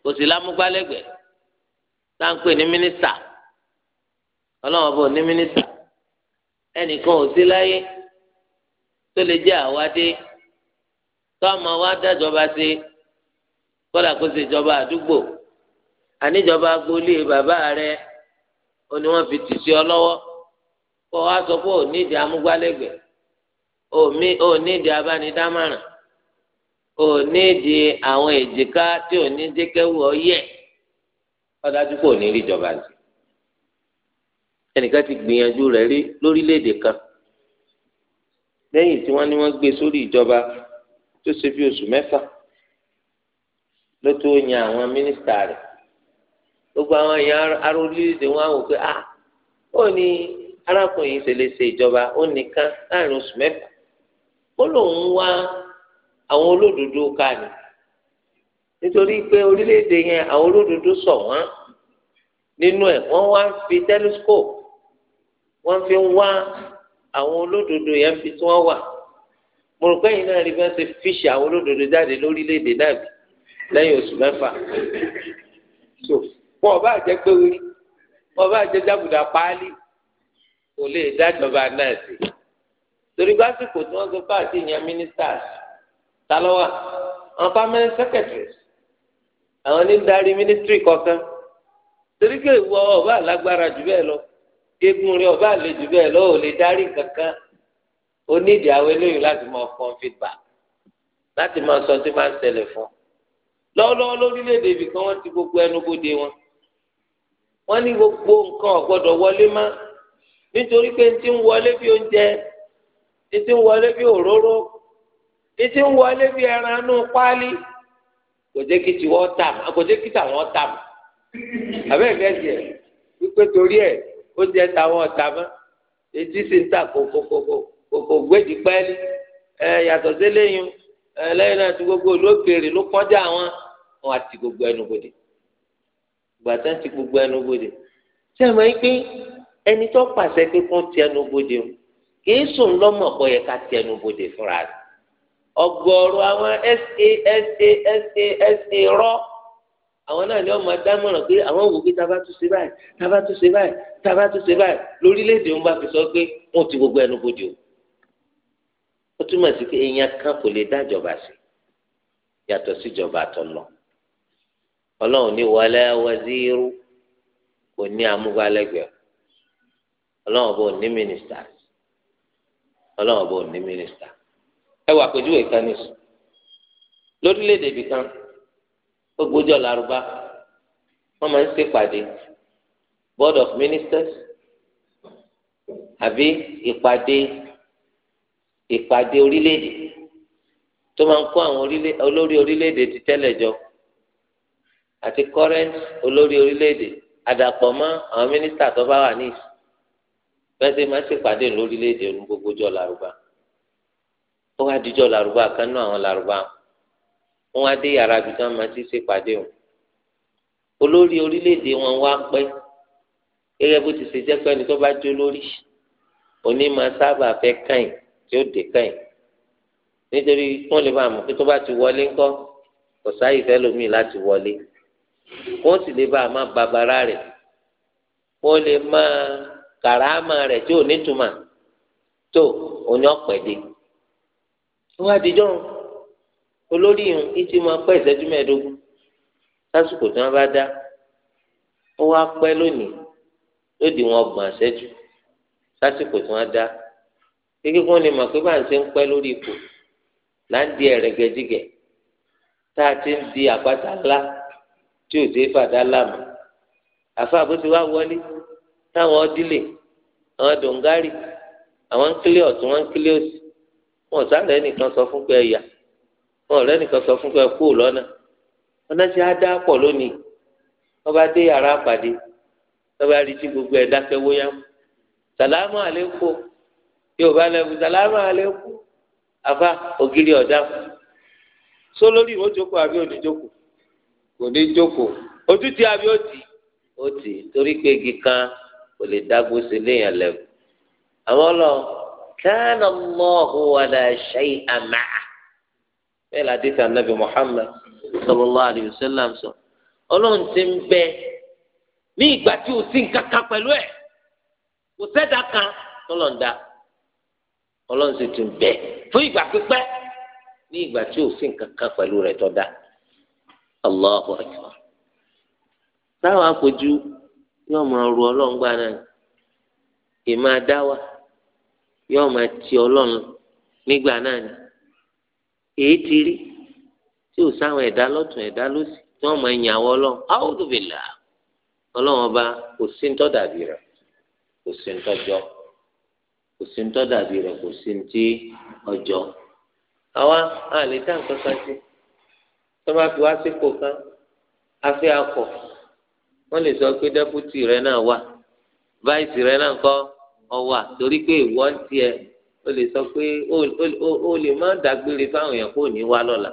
kò sí lámúgbálẹ́gbẹ̀ẹ́ táǹpẹ̀ ní mínísítà ọlọ́wọ́n bò ní mínísítà ẹnìkan ò sí láyé tó lè jẹ́ àwádé tọ́mọ wa dájọba sí kọ́lá kó ṣe ìjọba àdúgbò àníjọba agboolé bàbá rẹ̀ ó ní wọ́n fi tì sí ọ lọ́wọ́ kọ́ wa sọ pé òní ìdí amúgbálẹ́gbẹ̀ẹ́ òmí òní abánidámọ̀ràn àwọn èjìká tí ní dékẹ́wù ọyẹ ọ̀dájú pé òní rí ìjọba jù ẹnìkan ti gbìyànjú rẹ̀ rí lórílẹ̀‐èdè kan lẹ́yìn tí wọ́n ní wọ́n gbé sórí ìjọba tó ṣe bí oṣù mẹ́fà ló tó yan àwọn mínísítà gbogbo àwọn èèyàn èdè wọn wò pé ah, arákùnrin yìí ṣe lè ṣe ìjọba ó nìkan láàrin oṣù mẹ́fà ó lòun wá àwọn olódodo ká ní nítorí pé orílẹ̀-èdè yẹn àwọn olódodo sọ wọ́n nínú ẹ̀ wọ́n wá ń fi telescope wọ́n fi wá àwọn olódodo yẹn fi tí wọ́n wà mo rò pé yìí náà rí bẹ́ẹ̀ ṣe fíṣì àwọn olódodo jáde lórílẹ̀-èdè náà bí lẹ́yìn oṣù mẹ́fà so wọn ò bá jẹ́ pé wíri wọn ò bá jẹ́ jábùdà páálí kò lè dájọba náà sí torí gbásìkò tí wọ́n sọ fún àti ìyẹn ministers ta ló wà àwọn permanent secretaries àwọn ní ministry kọ̀ọ̀kan torí pé ìwọ ọba alágbára jù bẹ́ẹ̀ lọ egun rẹ ọba àlè jù bẹ́ẹ̀ lọ ò lè darí kankan ó àwọn eléyìí láti máa fọn feedback láti máa sọ tí máa ń ṣẹlẹ̀ fún lọ́wọ́lọ́wọ́ lórílẹ̀‐èdè ibì kan wọ́n ti gbogbo ẹnubodè wọn wọ́n ní gbogbo nǹkan ò wọlé máa nítorí pé ntí ń wọlé bí oúnjẹ ntí ń wọlé bí òróró ntí ń wọlé bí ẹran inú páálí kò jẹ́ kí tiwọ́ tà mọ́ kò jẹ́ kí tàwọn tà mọ́ àbẹ́ẹ̀ bẹ́ẹ̀ jẹ́ wípé torí ẹ̀ oúnjẹ tàwọn ọ̀tà mọ́ etí sì ń tà kòkòkòkò gbèdì pẹ́ẹ́lí ẹ yàtọ̀ sí lẹ́yìn ẹ lẹ́yìn náà tí gbogbo olókèrè ló kọjá wọn wọn àti gbogbo ẹnubodè gbàtà ti gbogbo ẹnubodè sẹ́mi pín ẹni tó pàṣẹ pé kó tẹnu bodè o kìí sùn lọ́mọ pọ̀ yẹ ká tẹnu bodè fúnra rẹ̀ ọgọ́rùn àwọn sasasa rọ àwọn náà ni wọ́n máa dámọ̀ràn pé àwọn wò pé tábà tún ṣe báyìí tábà tún ṣe báyìí tábà tún ṣe báyìí lórílẹ̀‐èdè wọn bá fi sọ pé wọ́n ti gbogbo ẹnu bodè o ó túmọ̀ sí pé èèyàn kan kò lè dájọba sí yàtọ̀ síjọba àtọ̀nà ọlọ́run ní wọlé wazíru kò ní amúgbálẹ́gbẹ̀ẹ́ ọlọ́run bò ní mínísítà ọlọ́run bò ní mínísítà ẹ wà pẹ̀lúwèé kan ní sùn lórílẹ̀‐èdè ibì kan gbogbo ọjọ́ làrúbá wọ́n máa ń ṣèpàdé board of ministers àbí ìpàdé ìpàdé orílẹ̀-èdè tó máa ń kó àwọn olórí orílẹ̀-èdè ti tẹ́lẹ̀ jọ àti current olórí orílẹ̀-èdè àdàpọ̀ mọ́ àwọn mínísítà tó bá wà ní ìsìn bẹ́sẹ̀ máa ṣèpàdé lórílẹ̀‐èdè ní gbogbo jọ làrúbá ó wá díjọ làrúbá kan náà àwọn làrúbá wọn wá dé yàrá ibi tí wọn máa ti ṣèpàdé o olórí orílẹ̀‐èdè wọn wá pẹ́ gẹ́gẹ́ bó ti ṣe jẹ́ pé ẹni tó bá jó lórí òní máa sábà fẹ́ kàn tí ó dé kàn nítorí wọn lè bá mọ̀ pé tó bá ti wọlé ńkọ́ kò sáyè fẹ́ lómi láti wọlé wọn sì lè bá a rẹ̀ wọn lè máa. Karama rẹ̀ tí ò ní túmọ̀ tó òní ọ̀pẹ̀dé wọ́n adijọ́ olórí ìhun ìtì máa pẹ́ ìṣẹ́jú mẹ́ẹ̀ẹ́dógún lásìkò tí wọ́n bá dá ó wá pẹ́ lónìí lódì wọn ọgbọ̀n àṣẹ́jú lásìkò tí wọ́n dá kékeré wọn ni mọ̀ pé bá ń ṣe ń pẹ́ lórí ipò là ń di ẹ̀rẹ̀gẹ̀dìgẹ̀ tá a ti ń di àpáta ńlá tí ò sí fàdá láàmú àfa àbótiwá wọlé táwọn ọdílé àwọn dòǹgárì àwọn nkílé ọ̀tún wọn nkílé òsì wọn sáré ẹnìkan sọ fún pé ẹ̀yà wọn ọ̀rẹ́ nìkan sọ fún pé ẹ kúrò lọ́nà ọ̀nà tí a lónìí wọ́n bá dé yàrá àpàdé wọ́n bá rí tí gbogbo ẹ̀ dákẹ́ wóyá sàlámù àlékò Yorùbá bá lẹ́wù sàlámù àlékò àfa ògiri ọ̀dà só lórí ìwọ́n jókòó àbí òní jókòó òní jókòó ojú ti àbí ó tì torí pé igi kan kò lè dágbó sí léèyàn lẹ́wọ̀ àwọn lọ kana Allahu wala shay'a ma'a bẹ́ẹ̀ láti fi anabi Muhammad sallallahu alayhi wa sallam sọ ọlọ́run ti ń bẹ ní ìgbà tí o sì ń kankan pẹ̀lú ẹ̀ kò sẹ́dá kan tọ́lọ̀ ń ọlọ́run sì ti ń bẹ fún ìgbà o sì ń kankan pẹ̀lú rẹ̀ tọ́ yóò máa ru ọlọ́run gbà náà kì í máa dá wa yóò máa ti ọlọ́run nígbà náà ni èyí ti rí tí ò sáwọn ẹ̀dá lọ́tún ẹ̀dá lọ́sì tí wọ́n máa yàn ọba kò sí ń tọ́ dàbí rẹ̀ kò sí ń tọ́jọ́ kò sí ń tọ́ dàbí rẹ̀ kò sí ń tí ọjọ́ àwa àlè wọ́n lè sọ pé dẹ́pútì rẹ náà wà báyìí rẹ náà kọ́ ọ wà torí pé ìwọ ń tiẹ̀ o lè sọ pé o lè má dágbére fáwọn èèyàn kò ní wá lọ́la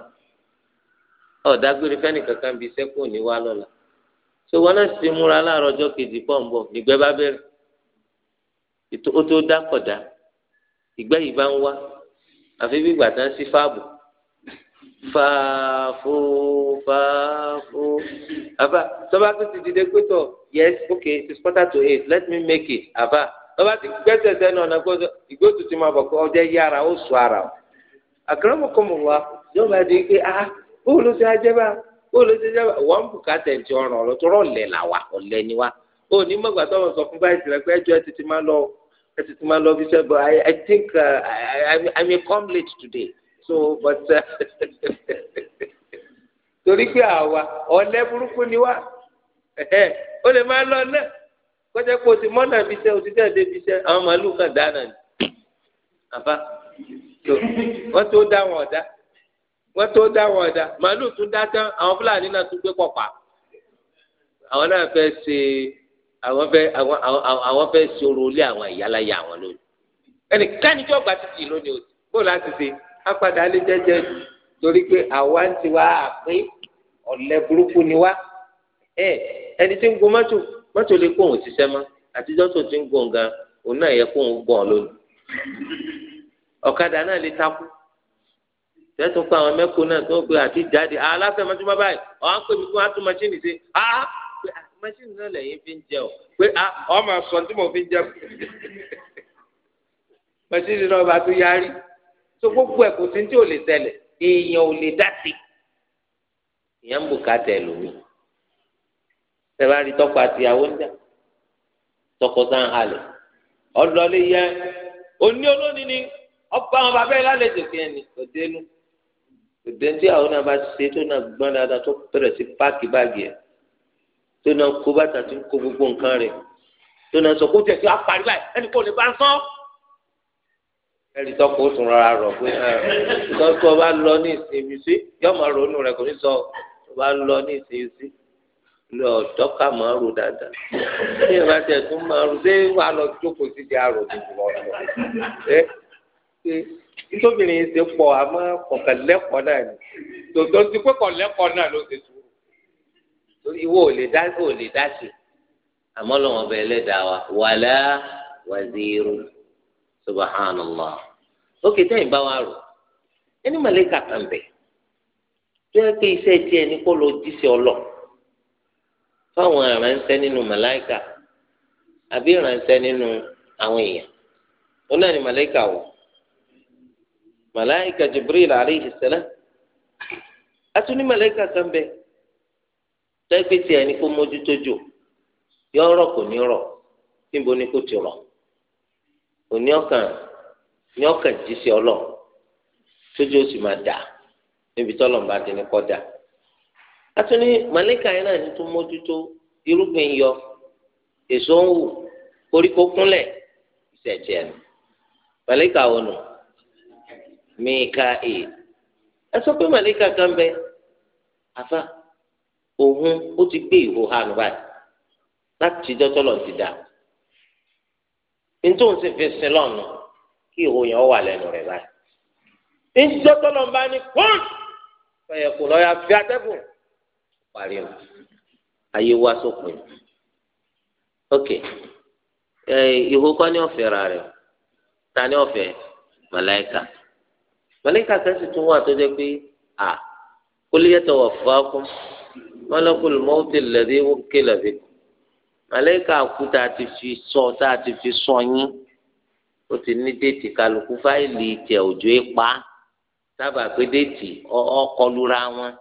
ọ dágbére fẹ́ni kankan bíi iṣẹ́ kò ní wá lọ́la so wọn náà ti múra láàárọ̀ ọjọ́ kejì pọ̀ ń bọ̀ nígbẹ́ bá bẹ̀rẹ̀ ètò ó tó dákọ̀dá ìgbẹ́ yìí bá ń wá àfi bí gbàtà ń sí fáàbù fàáfó fàáfó àbá tọ́ba tó ti dìde pé tọ̀ yes okay it's quarter to eight let me make it àbá tọ́ba ti gbẹ́sẹ̀ sẹ́nu ọ̀nà gbọ́dọ̀ ìgbó tuntun máa bọ̀ pé ọjọ́ yára ó sọ ara o àkàràmọ̀kọ́mọ̀ wa yóò máa di pé ah bóòlù ló ti ajẹ́ bá bóòlù ló ti ajẹ́ bá wọ́n bùkátà ẹ̀ ti ọ̀ràn ọ̀lọ́tọ́rọ̀ ọ̀lẹ̀ là wà ọ̀lẹ̀ ni wa ó ní mọ̀gbà tọ́wọ́ sọ fún báyìí tìrẹ pé ẹjọ́ ẹ tètè máa lọ ẹ tètè máa lọ bí sẹ́gbọ̀n i think uh, I, I, i may come late today so bọ́tẹ́ uh, torí pé àwa ọ̀lẹ burúkú ni wá ó lè máa lọ náà kọjá pé o ti mọ́nà bí iṣẹ́ o ti tẹ̀ débi iṣẹ́ àwọn màálù kan dáná ni àbá wọ́n tó dá wọn ọ̀dá wọ́n tó dá wọn ọ̀dá màálù tún dá tán àwọn fúlàní náà tún gbé pọ̀ pa àwọn náà fẹ́ ṣe àwọn fẹ́ àwọn àwọn àwọn fẹ́ ṣòro lé àwọn ìyáláyà àwọn lónìí ẹnì káníjọ́ gba títì lónìí o bó láti ṣe apàdé alẹ́ jẹ́jẹ́ torí pé àwa ń tiwa àpé ọ̀lẹ burúkú ni wá ẹ ẹni tí ń gun mọ́tò mọ́tò lè kó òun ṣiṣẹ́ mọ́ àtijọ́ tó ti ń gun gan òun náà yẹ kó òun gbọ́n lónìí ọ̀kadà náà lè takú tẹ́tù kọ́ àwọn mẹ́kọ náà tó ń pe àti jáde ah, aláfẹ́ mọ́tò má báyìí ọ̀hán pè mí kí wọ́n á tún mọ́ṣíìnì sí ah mọ́ṣíìnì náà lẹ́yìn fi ń jẹ o pé ah ọmọ sọ tí mo fi ń jẹ mọ́ṣíìnì náà bá tún yáárí so gbogbo ẹ̀ kò sí tí ò lè ṣẹlẹ̀ èèyàn ò lè dá sí èèyàn ń bùkátà ẹlòmíì tẹ́lá rí tọkọ àtìyàwó ń jà tọkọ sáà halẹ̀ ọlọ́lé yẹ òní olóni ni ọba àwọn bàbá yìí lálejò kí ẹni òdenu òdentí àwọn náà bá ṣe tó náà gbọ́n dáadáa tó bẹ̀rẹ̀ sí páàkì báàgì ẹ̀ tó náà kó bàtà tó ń kó gbogbo nǹkan rẹ̀ tó náà sọ kó tẹ̀ sí apárí báyìí ẹnì kò lè bá ń sán ẹ̀rí tọ́kọ̀ ó tún rọra rọ̀ pé tọ́kọ̀ bá lọ ní ìsinmi sí yọ̀mọ̀ ronú rẹ̀ kò ní sọ bá lọ ní ìsinmi sí lọ tọ́ka máa ro dáadáa ṣé ìbá tẹ̀ tún máa ro ṣé wàá lọ jókòó sí ti àrò tó lọ lọ ṣé tóbìnrin ṣe pọ̀ àmọ́ kọ̀kẹ́lẹ́kọ̀ọ́ náà ni tòótọ́ sí pé kọ̀lẹ́kọ̀ọ́ náà ló ṣe sùúrù torí ò lè dá ò lè dá sí àmọ́ lọ́wọ́ bẹ́ẹ̀ lẹ́dàá wa wàlá wàzírù. subhanallah ókè tẹ́yìn bá wa rò ẹni màlẹ́kà kan bẹ̀ tó yẹ pé iṣẹ́ tiẹ̀ ní kó lọ jíṣẹ́ ọlọ fáwọn ìránṣẹ́ nínú màláìkà àbí ìránṣẹ́ nínú àwọn èèyàn ó náà ní màlẹ́kà wò Jibril atúní kan tó yẹ ní kó yọ kò ní níbo ni kò ti òní ọkàn ní ọkàn jíṣẹ́ ọlọ tójú oṣù máa dà níbi tọlọ ń bá ti ní kọjá atúní màlíkà yẹn náà ní tó mójútó irúgbìn yọ èso ń wù koríko kúnlẹ̀ ìṣẹjẹ nù màlíkà wọn nù mìíkà èè ẹ sọ pé màlíkà kan bẹ àfa òun ó ti gbé ìhòhánù báyìí láti ìjọ tọlọ ti dà nítorí òun sì fi sin lọ́nà kí ìhò yẹn wà lẹ́nu rẹ̀ báyìí. níjọ́ tọ́lọ̀ ń bá ní kún ọ̀yẹ̀ kò lọ́ọ́ yà fi atẹ́gùn parí mu ayé wá sópin. ok ìhò kọ́ ní ọ̀fẹ́ ra rẹ̀ ta ní ọ̀fẹ́ màláìka màláìka kẹ́sì tún wà tó jẹ́ pé à kólíyẹ́tọ̀ wà fún akún mọ́lẹ́kùn lùmọ́ọ́tì lẹ́dí wọ́n kélà fi kù. màlẹ́kà kú tá a ti fi sọ tá ti fi sọ yín ó ti ní déètì kálukú fáìlì tẹ òjò ipa sábà pé déètì ọkọlura wọn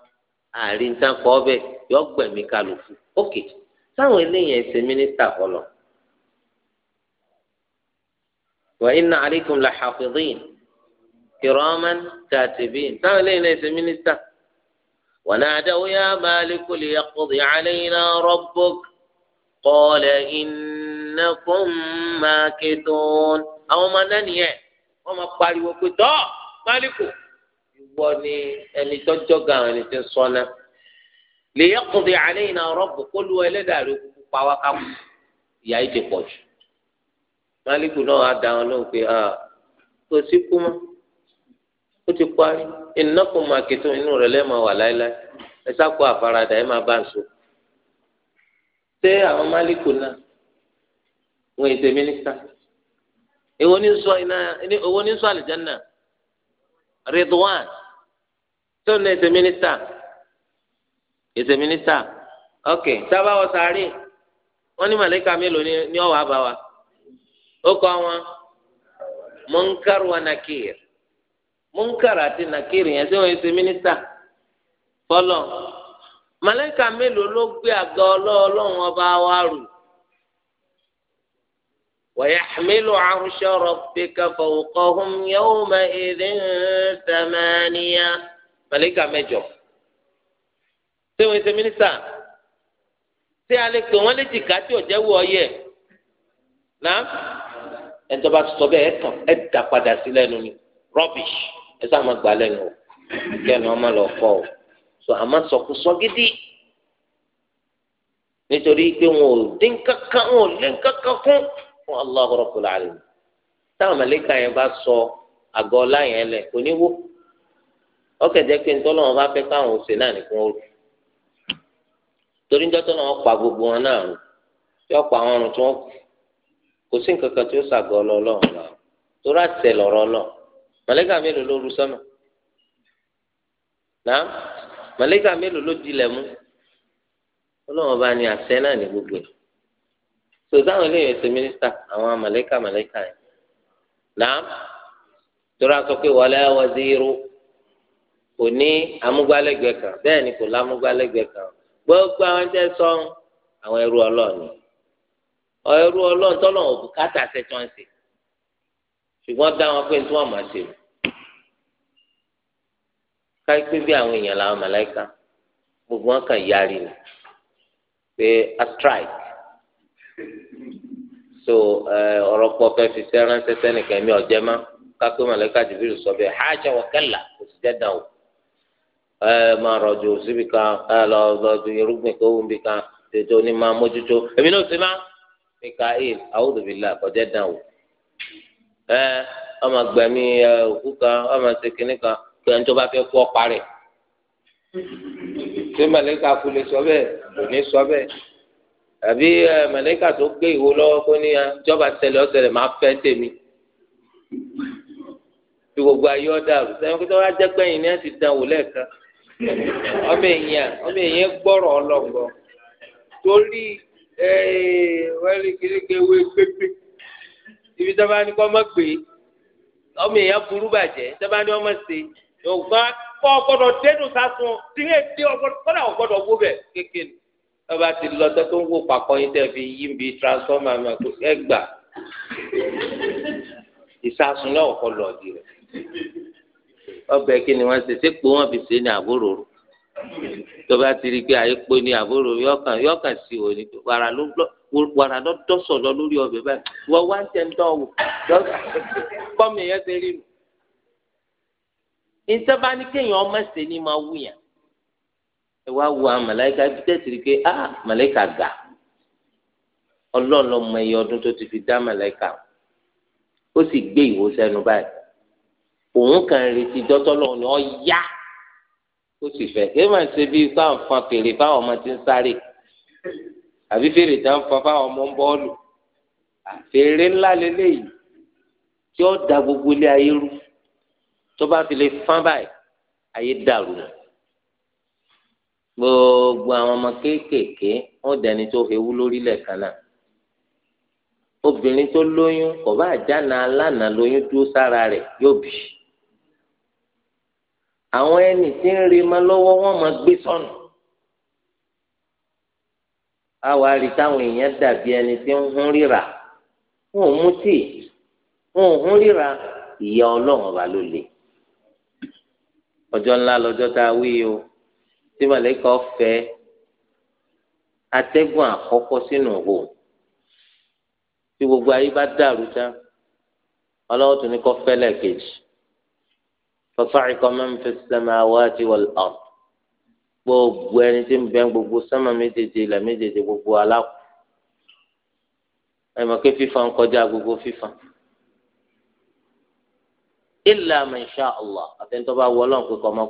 àárín nǹkan ọbẹ yọ gbẹ̀mí kálukú ókè táwọn eléyìí ẹsẹ mínísítà kọlọ. wa inna alaykum la hafidhin kiraman katibin táwọn eléyìí ẹsẹ mínísítà. ونادوا يا مالك ya علينا ربك قال إنكم ماكثون àwọn ọmọ náà nìyẹn wọ́n máa pariwo pé tọ́ máàlíkù ìwọ ni ẹni tọ́jọ́ ga àwọn ẹni tí ń sọ́nà lè yẹkùn di àlẹ́ yìí náà rọ́ọ̀bù kó lu ẹlẹ́dàá rẹ̀ kú pa wá ká kú ìyá yìí pọ̀ jù máàlíkù náà á da wọn lóhùn pé kò sí kú mọ́ ó ti parí ìnákùn màkìtún inú rẹ̀ lẹ́ẹ̀ máa wà láéláé ẹ sá kó àfaradà ẹ máa bá ń sọ ṣé àwọn máàlìkù náà wọn èsè mínísítà èwo ní sọ iná èwo ní sọ àlìjánná Ridwan tó ní mínísítà mínísítà ok sábà wọ sàárè wọn ní màlẹ́kà mélòó ní ọwọ́ àbáwá ó kọ́ wọn Munkar wa Nakir Munkar àti Nakir yẹn ṣé wọn mínísítà fọlọ́. màláíkà mélòó ló gbé àga ọlọ́ọ̀lọ́run ọba wa rù wa yahmilu arsha rabbika fawqahum yawma idhin thamaniya màláíkà mẹ́jọ. ṣé wọ́n ṣe mínísà ṣé a lè pè wọ́n létí káàtì ọ̀jẹ̀wò ọyẹ náà ẹ̀ńtọ́ sọ bẹ́ẹ̀ ẹ̀ dà padà sí lẹ́nu ni rubbish ẹ̀ sáà má gbà lẹ́nu o kí ẹnu ọmọ lọ fọ́ o. sọ àmọ́ sọkúsọ gidi nítorí pé wọn ò dín kankan wọn ò lé kankan kún fún Allahu Rabbul Alamin táwọn mẹlẹka yẹn bá sọ àgọ́ ọlá yẹn lẹ kò ní wó ọkẹ jẹ pé nítorí wọn bá káwọn ò ṣe náà nìkan ó torí nítorí pa gbogbo wọn náà tí pa tí kù kò sí tí ó ṣàgọ́ náà màlẹ́kà mélòó ló dilẹ̀ mú ọlọ́wọ́n bá ní àṣẹ náà ní gbogbo ẹ̀ tó táwọn eléyìí ṣe mínísítà àwọn màlẹ́kà màlẹ́kà yẹn náà tóra sọ pé wọlé wazíru kò ní amúgbálẹ́gbẹ̀ẹ́ kan bẹ́ẹ̀ ni kò lámúgbálẹ́gbẹ̀ẹ́ kan gbogbo àwọn tẹ́ sọ́n àwọn ẹrú ọlọ́ọ̀ni ẹrú ọlọ́ọ̀ni tọ́lọ̀ òkú kátà ṣẹ́tọ́ǹsì ṣùgbọ́n dá wọn pé tí wọ́n máa ṣe lò káyipé bí àwọn èèyàn làwọn màláíkà gbogbo wọn kàn ni a so ọ̀rọ̀ pọ̀ fẹ́ fi sẹ́ran sẹ́sẹ́ nìkan mi ọ̀jẹ́ má kápé sọ bẹ́ẹ̀ kò sì jẹ́ dàn o ẹ máa rọ̀jò síbi kan ẹ lọ lọ́dún irúgbìn kó wùn kan máa mójútó èmi náà sì o ẹ ọmọ gbẹmí òkú kan ọmọ ṣe kínní kan. kẹ́ni tó bá fẹ́ kú ọ̀pá rẹ̀ ṣé màlẹ́kà kú lè sọ bẹ́ẹ̀ kò ní sọ bẹ́ẹ̀ àbí màlẹ́kà tó gbé ìwo lọ́wọ́ kó ní ìjọba tẹ̀lé ọ̀sẹ̀lẹ̀ máa fẹ́ tèmi tí gbogbo ayé ọ̀dà rù sẹ́yìn kí tó bá jẹ́ pẹ́yìn ní ẹ̀sìn dán wò lẹ́ẹ̀kan ọmọ èèyàn ọmọ èèyàn gbọ́rọ̀ ọlọ́gbọ́ torí wọ́n rí kékeré pépé ibi tó bá kọ́ mọ́ pé ọmọ èèyàn burú bàjẹ́ tó bá ní ọmọ ṣe yorùbá kọ́ ọgbọ́dọ̀ dénú sásun tí yé dé ọgbọ́dọ̀ kọ́dà ọgbọ́dọ̀ wó bẹ̀ kékeré lọ́ba ti lọ tẹ́ tó ń wó papọ̀ yín tẹ́ fi yí bi transformer mi kò ẹ gbà ìsásun náà kọ́ lọ di rẹ̀ ọbẹ̀ kí ni wọ́n ṣe ṣé pé wọ́n fi ṣe ní àbúrò tọ́ba ti rí i pé àyè pé ní àbúrò yọkàn yọkàn sí òní wàrà ló lọ wàrà lọ dọ́sọ̀ lọ lórí ọbẹ̀ báyìí wọ́n wá ń tẹ̀ ń dán wò kọ́mi yẹn ti rí mi ìtọ́ba ní kéèyàn ọmọ ṣe ni máa wù yàn ẹ wá wo àwọn màláìka ibi tẹ́sí rí ah màláìka gà ọlọ́run ló mọ iye ọdún tó ti fi dá màláìka ó sì gbé ìwò sẹ́nu báyìí òun kàn retí dọ́tọ́lọ́run ni ọ yá ó sì fẹ́ ẹ máa ṣe bí báwọn fan fèrè báwọn ọmọ ti ń sáré àbí fèrè tá ń fa báwọn ọmọ ń bọ́ọ̀lù àfèrè ńlá lélẹ́yìí tí ó da gbogbo ilé ayé rú tó bá fi lè fán báyìí ayé dàrú nù gbogbo àwọn ọmọ kéékèèké wọn dẹni tó hewu lórílẹ̀ kan náà obìnrin tó lóyún kò bá àjànà alánà lóyún dúró sára rẹ̀ yóò bì í àwọn ẹni tí ń rí ma lọ́wọ́ wọn máa gbé sọnù àwa rí táwọn èèyàn dàbí ẹni tí ń hún ríra wọn ò mú tíì wọn ò hún ríra ìyá ọlọ́run ọba ló le ọjọ́ ńlá lọ́jọ́ tá a wí o tí màlẹ́kà ọ̀fẹ́ atẹ́gùn àkọ́kọ́ sínú hò tí gbogbo ayé bá dàrú tán ọlọ́wọ́ tó ní kọ́ fẹ́lẹ̀ kejì fasa'iqa man fi samawati wal ard gbogbo ẹni tí ń bẹ gbogbo sánmà méjèèjì ilẹ̀ méjèèjì gbogbo alákùn ẹ̀ mọ̀ pé fífan kọjá gbogbo fífan illa man sha Allah àfẹnitọ́ bá wọ ọlọ́run pé kọ́mọ́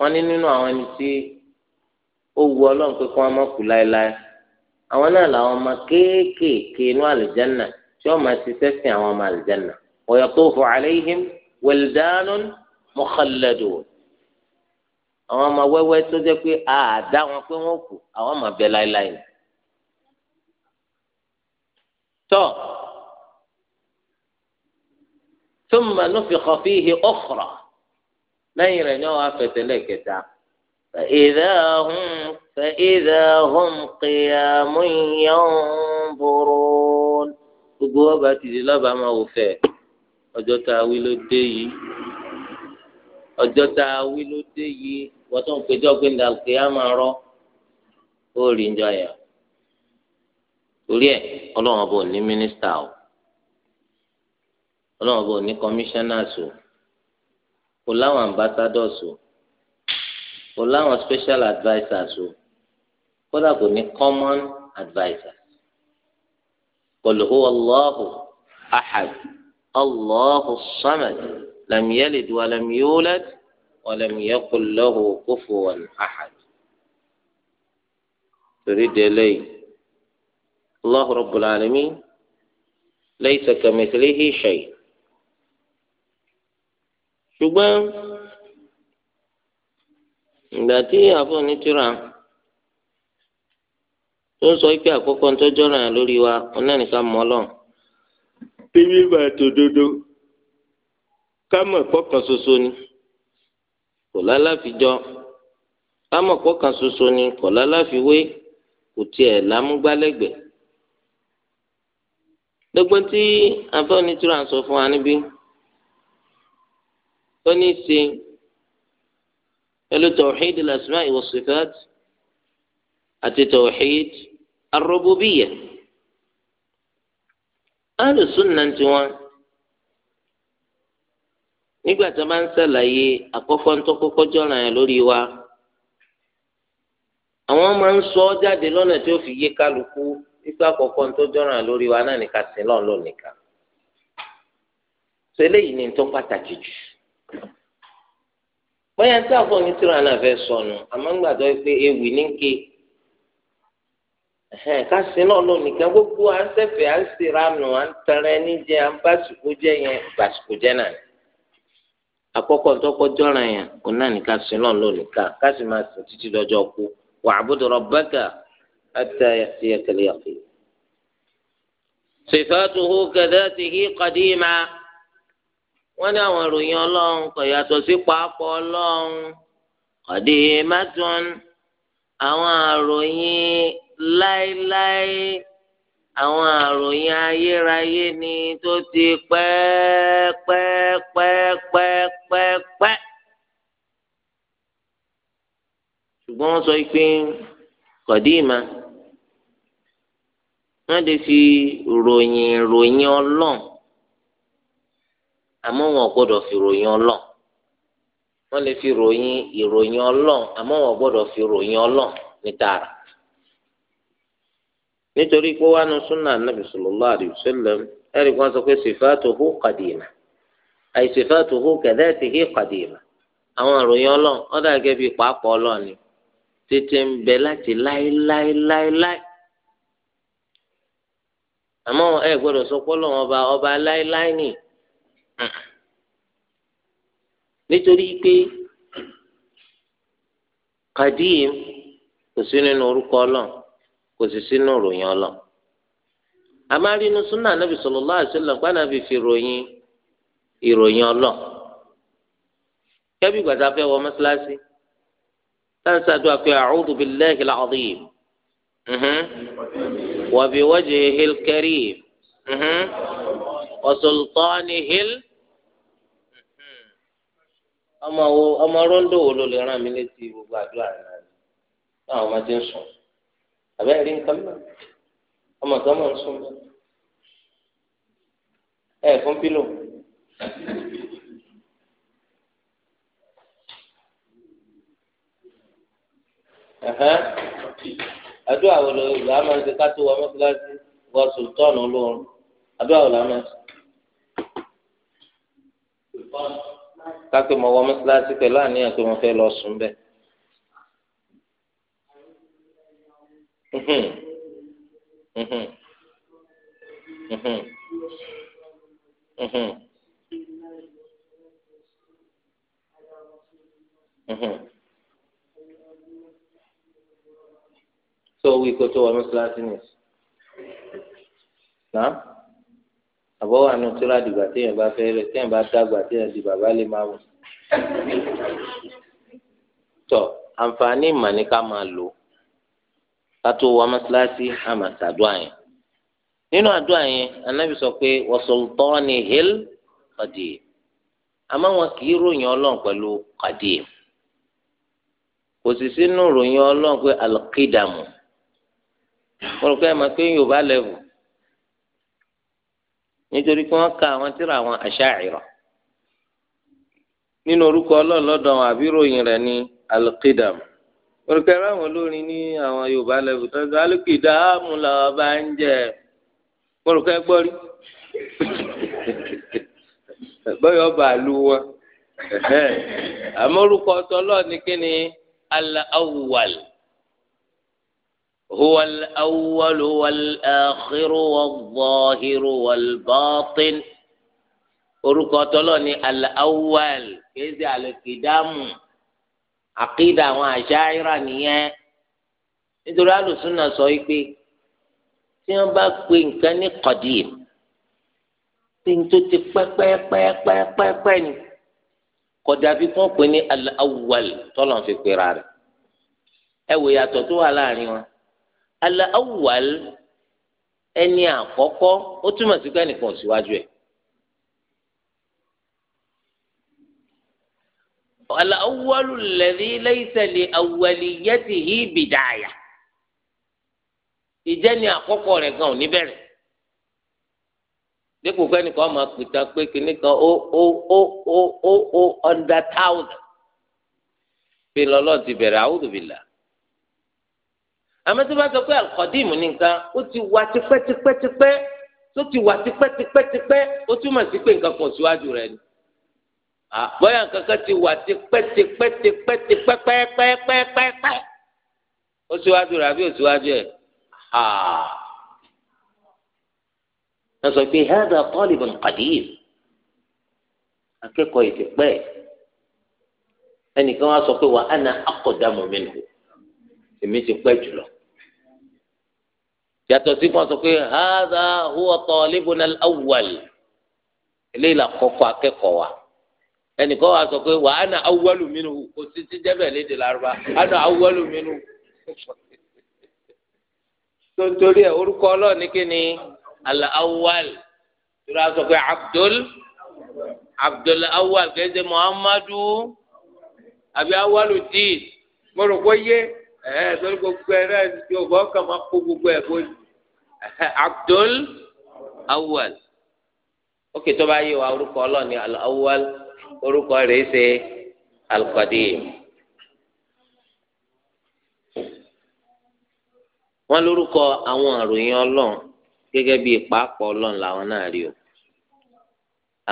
wọn ní nínú àwọn ẹni tí ó wọ ọlọ́run pé kọ́mọ́ mọ́ kú láéláé àwọn náà làwọn ọmọ kéékèèké inú àlùjánnà tí wọ́n máa ti sẹ́sìn àwọn ọmọ àlùjánnà wa yatufu alayhim wildanun mukhalladun àwọn ọmọ wẹ́wẹ́ tó jẹ́ pé àdá wọn pé wọ́n kù àwọn ọmọ bẹ́ẹ̀ láéláé ni. tọ́ thumma nufikha fihi ukhra lẹ́yìn rẹ̀ ni wọ́n á fẹsẹ̀ lẹ́ẹ̀kẹta. فإذا هم فإذا هم قيام ينظرون gbogbo ọba ti di lọ́ba máa wò fẹ́ ọjọ́ tá a wí ló dé yìí ọjọ́ tá a wí ló dé yìí wọ́n tó ń pejọ́ pé ndàlùkè á máa rọ́ ó rí njọ yẹn torí ẹ̀ ọlọ́run ọba ò ní mínísítà o ọlọ́run bò ní commissioners o kò láwọn ambassadors o kò láwọn special advisers o kódà kò ní common advisers qul huwa Allahu ahad Allahu samad lam yalid wa lam yulad wa lam ahad torí délé yìí. الله رب العالمين ليس كمثله شيء ṣùgbọ́n ìgbà tí àbọ̀ nítura tó ń sọ pé àkọ́kọ́ ń tọ́jọ́ lori wa òun náà nìkan mọ́ lọ. bíbí ìgbà dodo ká mọ̀ kọ́kàn ṣoṣo ni kò lálàfíjọ ká mọ̀ kọ́kàn ṣoṣo ni kò lálàfíwé kò tiẹ̀ lámúgbálẹ́gbẹ̀ẹ́. gbogbo tí àbọ̀ nítura sọ fún wa tó ní í ṣe pẹ̀lú tawhid al-asma'i wa sifat àti tawhid ar-rububiyyah alùsùnà N'ịgbata nígbà tó máa ń ṣàlàyé àkọ́kọ́ tó kọ́kọ́ jọ̀ràn yẹn lórí wa àwọn máa ń sọ jáde lọ́nà tí ó fi yé kálukú nípa àkọ́kọ́ tó jọ̀ràn lórí wa náà nìkan bóyá tí àfọ onítìrọ àná fẹ́ sọnù àmọ́ pé ewì ní ké kásìn náà ló nìkan gbogbo à ń ṣẹ̀fẹ̀ à ń ṣèrànù à ń tẹrẹ níjẹ à ń jẹ yẹn básìkò jẹ náà àkọ́kọ́ ntọkọ jọra yẹn kò náà nìkan náà máa títí kú wọ́n ní àwọn ìròyìn ọlọ́run kò yàtọ̀ sí pàápọ̀ ọlọ́run ọ̀dì mẹ́tún àwọn àròyìn láéláé àwọn àròyìn ayérayé ni tó ti pẹ́ẹ́pẹ́ẹ́pẹ́ẹ́pẹ́ẹ́pẹ́. ṣùgbọ́n wọ́n sọ pé kọ̀díìmà wọ́n lè fi ròyìn ròyìn ọlọ́run. àmọ́ wọn gbọ́dọ̀ fi ròyìn ọlọ́n wọ́n fi ròyìn ìròyìn fi ròyìn nítorí pé wánu súnà nàbì sallallahu alaihi ẹ̀rí sọ pé sifatuhu qadima àì sifatuhu kadhatihi qadima àwọn ìròyìn ọlọ́n ọ̀dà gẹ́gẹ́ pàápọ̀ ni tètè ń bẹ láti láéláéláéláé àmọ́ ọba ọba láéláé nìyí nítorí pé kadim kò sí nínú orúkọ Ọlọ́run kò sì sínú ìròyìn Ọlọ́run amárínú súnà anábì sallallahu alaihi wasallam gbàdá fi fi ròyìn ìròyìn Ọlọ́run kẹbí gbàdá fẹ́ wọ mọ́sálásí táǹsàdó àpè a'udhu billahi al-azim mhm, wa bi wajhihil karim mhm, wa sultanihil. ọmọ wo ọmọ rondo wo ló lè rán mi létí gbogbo àdúrà náà ni ọmọ ti ń sùn àbẹ́ rí nǹkan mọ́ ọmọ kan mọ̀ ń sùn ẹ fún pílò. àdúrà wo ló lọ́ àmọ́ ṣe ká tó wọ wọ kápẹ́ mo wọ mọ́sálásí pẹ̀lú àníyàn pé mo fẹ́ lọ sùn bẹ́ẹ̀. so wí kó tó wọ mọ́sálásí nìyí àbọ̀ wà nù tíra dìgbà téèyàn bá fẹ́ rẹ̀ téèyàn bá dàgbà téèyàn di bàbá lè máa wù. tọ àǹfààní ìmọ̀ ni ká máa lò ká tó wọ mọ́sálásí àmà ṣàdúrà yẹn. nínú àdúrà yẹn anábì sọ pé wasultani hil qadim àmọ́ wọn kì í ròyìn ọlọ́run pẹ̀lú qadim kò sì sínú ròyìn ọlọ́run pé alqidamu mo rò pé ẹ máa pé yorùbá lẹ́wù nítorí pé wọ́n ka àwọn tíra àwọn Asha'ira nínú orúkọ ọlọ́run lọ́dọ̀ àwọn àbíròyìn rẹ̀ ní alqidam orúkọ ẹ̀rọ àwọn olórin ní àwọn Yorùbá lẹ́bù tó alqidamu la bá ń jẹ orúkọ ẹgbọ́ rí bọ́yọ̀ bàálù wọn àmọ́ orúkọ ọtọ́ lọ́ọ̀ ní kíni al-awwal. هو الأول والآخر والظاهر والباطن orúkọ الأول al على kéde عقيدة qidamu àkídà àwọn àṣàyíra nìyẹn nítorí alùsùnà sọ wípé tí wọn bá pe nǹkan ní qadim tí n tó ti pẹpẹpẹpẹpẹ ni kọjá fi kún pé ní al-awwal fi pera rẹ̀ ẹ wòye àtọ tó wà láàrin wọn. ala awwal ẹni àkọ́kọ́ ó túmọ̀ sí pé ẹnìkan síwájú ẹ̀. al-awwal alladhi laysa li awwaliyatihi bidaya ìjẹ́ni àkọ́kọ́ rẹ̀ gan ò ní dípò pé ẹnìkan máa pìtàn pé kìnnì kan ó ó ó ó ó ti bẹ̀rẹ̀ àmọ́ tó bá sọ pé alukọ́dìmù ní nǹkan ó ti wà tipẹ́tipẹ́tipẹ́ tó ti wà tipẹ́tipẹ́tipẹ́ ó túmọ̀ sí pé nǹkan kan síwájú rẹ̀ ni bóyá nǹkan kan ti wà tipẹ́tipẹ́tipẹ́tipẹ́pẹ́pẹ́pẹ́ ó síwájú rẹ̀ àbí ó síwájú ẹ̀ wọ́n sọ pé hẹ́dà tọ́lìbùn kàdíyìm akẹ́kọ̀ọ́ ìtìpẹ́ ẹnìkan wá sọ pé wà á na akọ̀dàmù mi nù èmi ti pẹ́ jùlọ. yàtọ̀ sí fún ọ sọ pé haza huwa talibuna al-awwal eléyìí la kọ́kọ́ akẹ́kọ̀ọ́ wa ẹnìkan wa sọ pé wa ana awwalu minhu kò sí ti jẹ́ bẹ́ẹ̀ léde larubá ana awwalu minhu. tontori ẹ orúkọ ọlọ́ọ̀ni kí ni al-awwal tó sọ pé abdul abdul awwal kẹ́sẹ̀ muhammadu àbí awwalu diin mo rò pé yé ẹ sori gbogbo ẹ náà yóò bọ ọkàn máa kó gbogbo ẹ kó Abdul Awwal ok tó bá yé wa orúkọ ọlọ́ọ̀ni Awwal orúkọ rẹ̀ ṣe Al-Qadim wọn lórúkọ àwọn àròyìn Ọlọ́run gẹ́gẹ́ bíi pàápàá Ọlọ́run làwọn náà rí o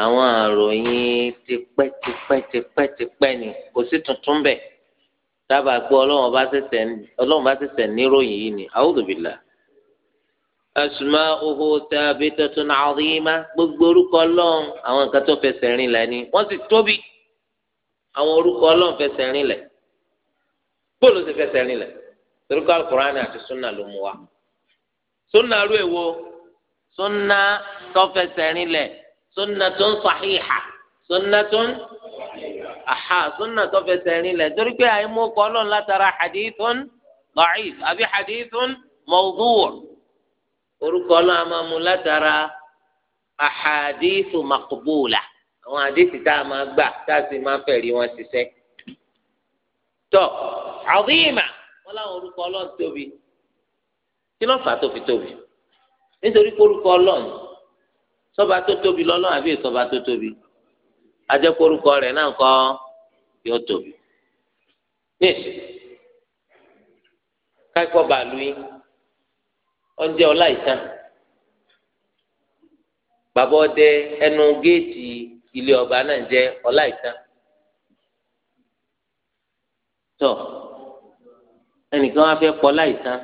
àwọn àròyìn tipẹ́tipẹ́tipẹ́tipẹ́ ni kò sí tuntun bẹ́ẹ̀ dábàá pé ọlọ́run bá ṣẹ̀ṣẹ̀ ọlọ́run bá ṣẹ̀ṣẹ̀ níròyìn yìí ni a'udhu billah. asma'uhu thabitatun 'azima gbogbo orúkọ ọlọ́run àwọn nǹkan tó fẹsẹ̀ rìn lẹ̀ ni wọ́n sì tóbi àwọn orúkọ ọlọ́run fẹsẹ̀ rìn lẹ̀ bóòlù sì fẹsẹ̀ rìn lẹ̀ torúkọ alukur'ani àti sunna ló mú wa. sunna rú èwo sunna tó fẹsẹ̀ rìn lẹ̀ sunna tó ń sahiha sunna tó ń aha sunna tó fẹsẹ̀ rin lẹ̀ torí pé àìmọ̀ kọ́ ọlọ́run látara hadithun da'if àbí hadithun mawdu' orúkọ ọlọ́run a máa mú látara ahadithu maqbula àwọn àdéhùn tá a máa gbà tá a sì máa fẹ̀rí wọn ṣiṣẹ́ tọ́ àdéhìmà wọn láwọn orúkọ ọlọ́run tóbi kí ló fà tó fi tóbi nítorí pé orúkọ ọlọ́run sọ́ba tó tóbi lọ́lọ́run àbí ìsọba tó tóbi. ajẹ́kórúkọ rẹ̀ náà kọ́ yóò tóbi. níṣẹ́ káíkọ́ bàálù yín ọ̀njẹ́ ọláìsàn bàbá ọdẹ ẹnu géètì ilé ọba náà jẹ́ ọláìsàn. tọ́ ẹnìkan wá fẹ́ kọ láìsàn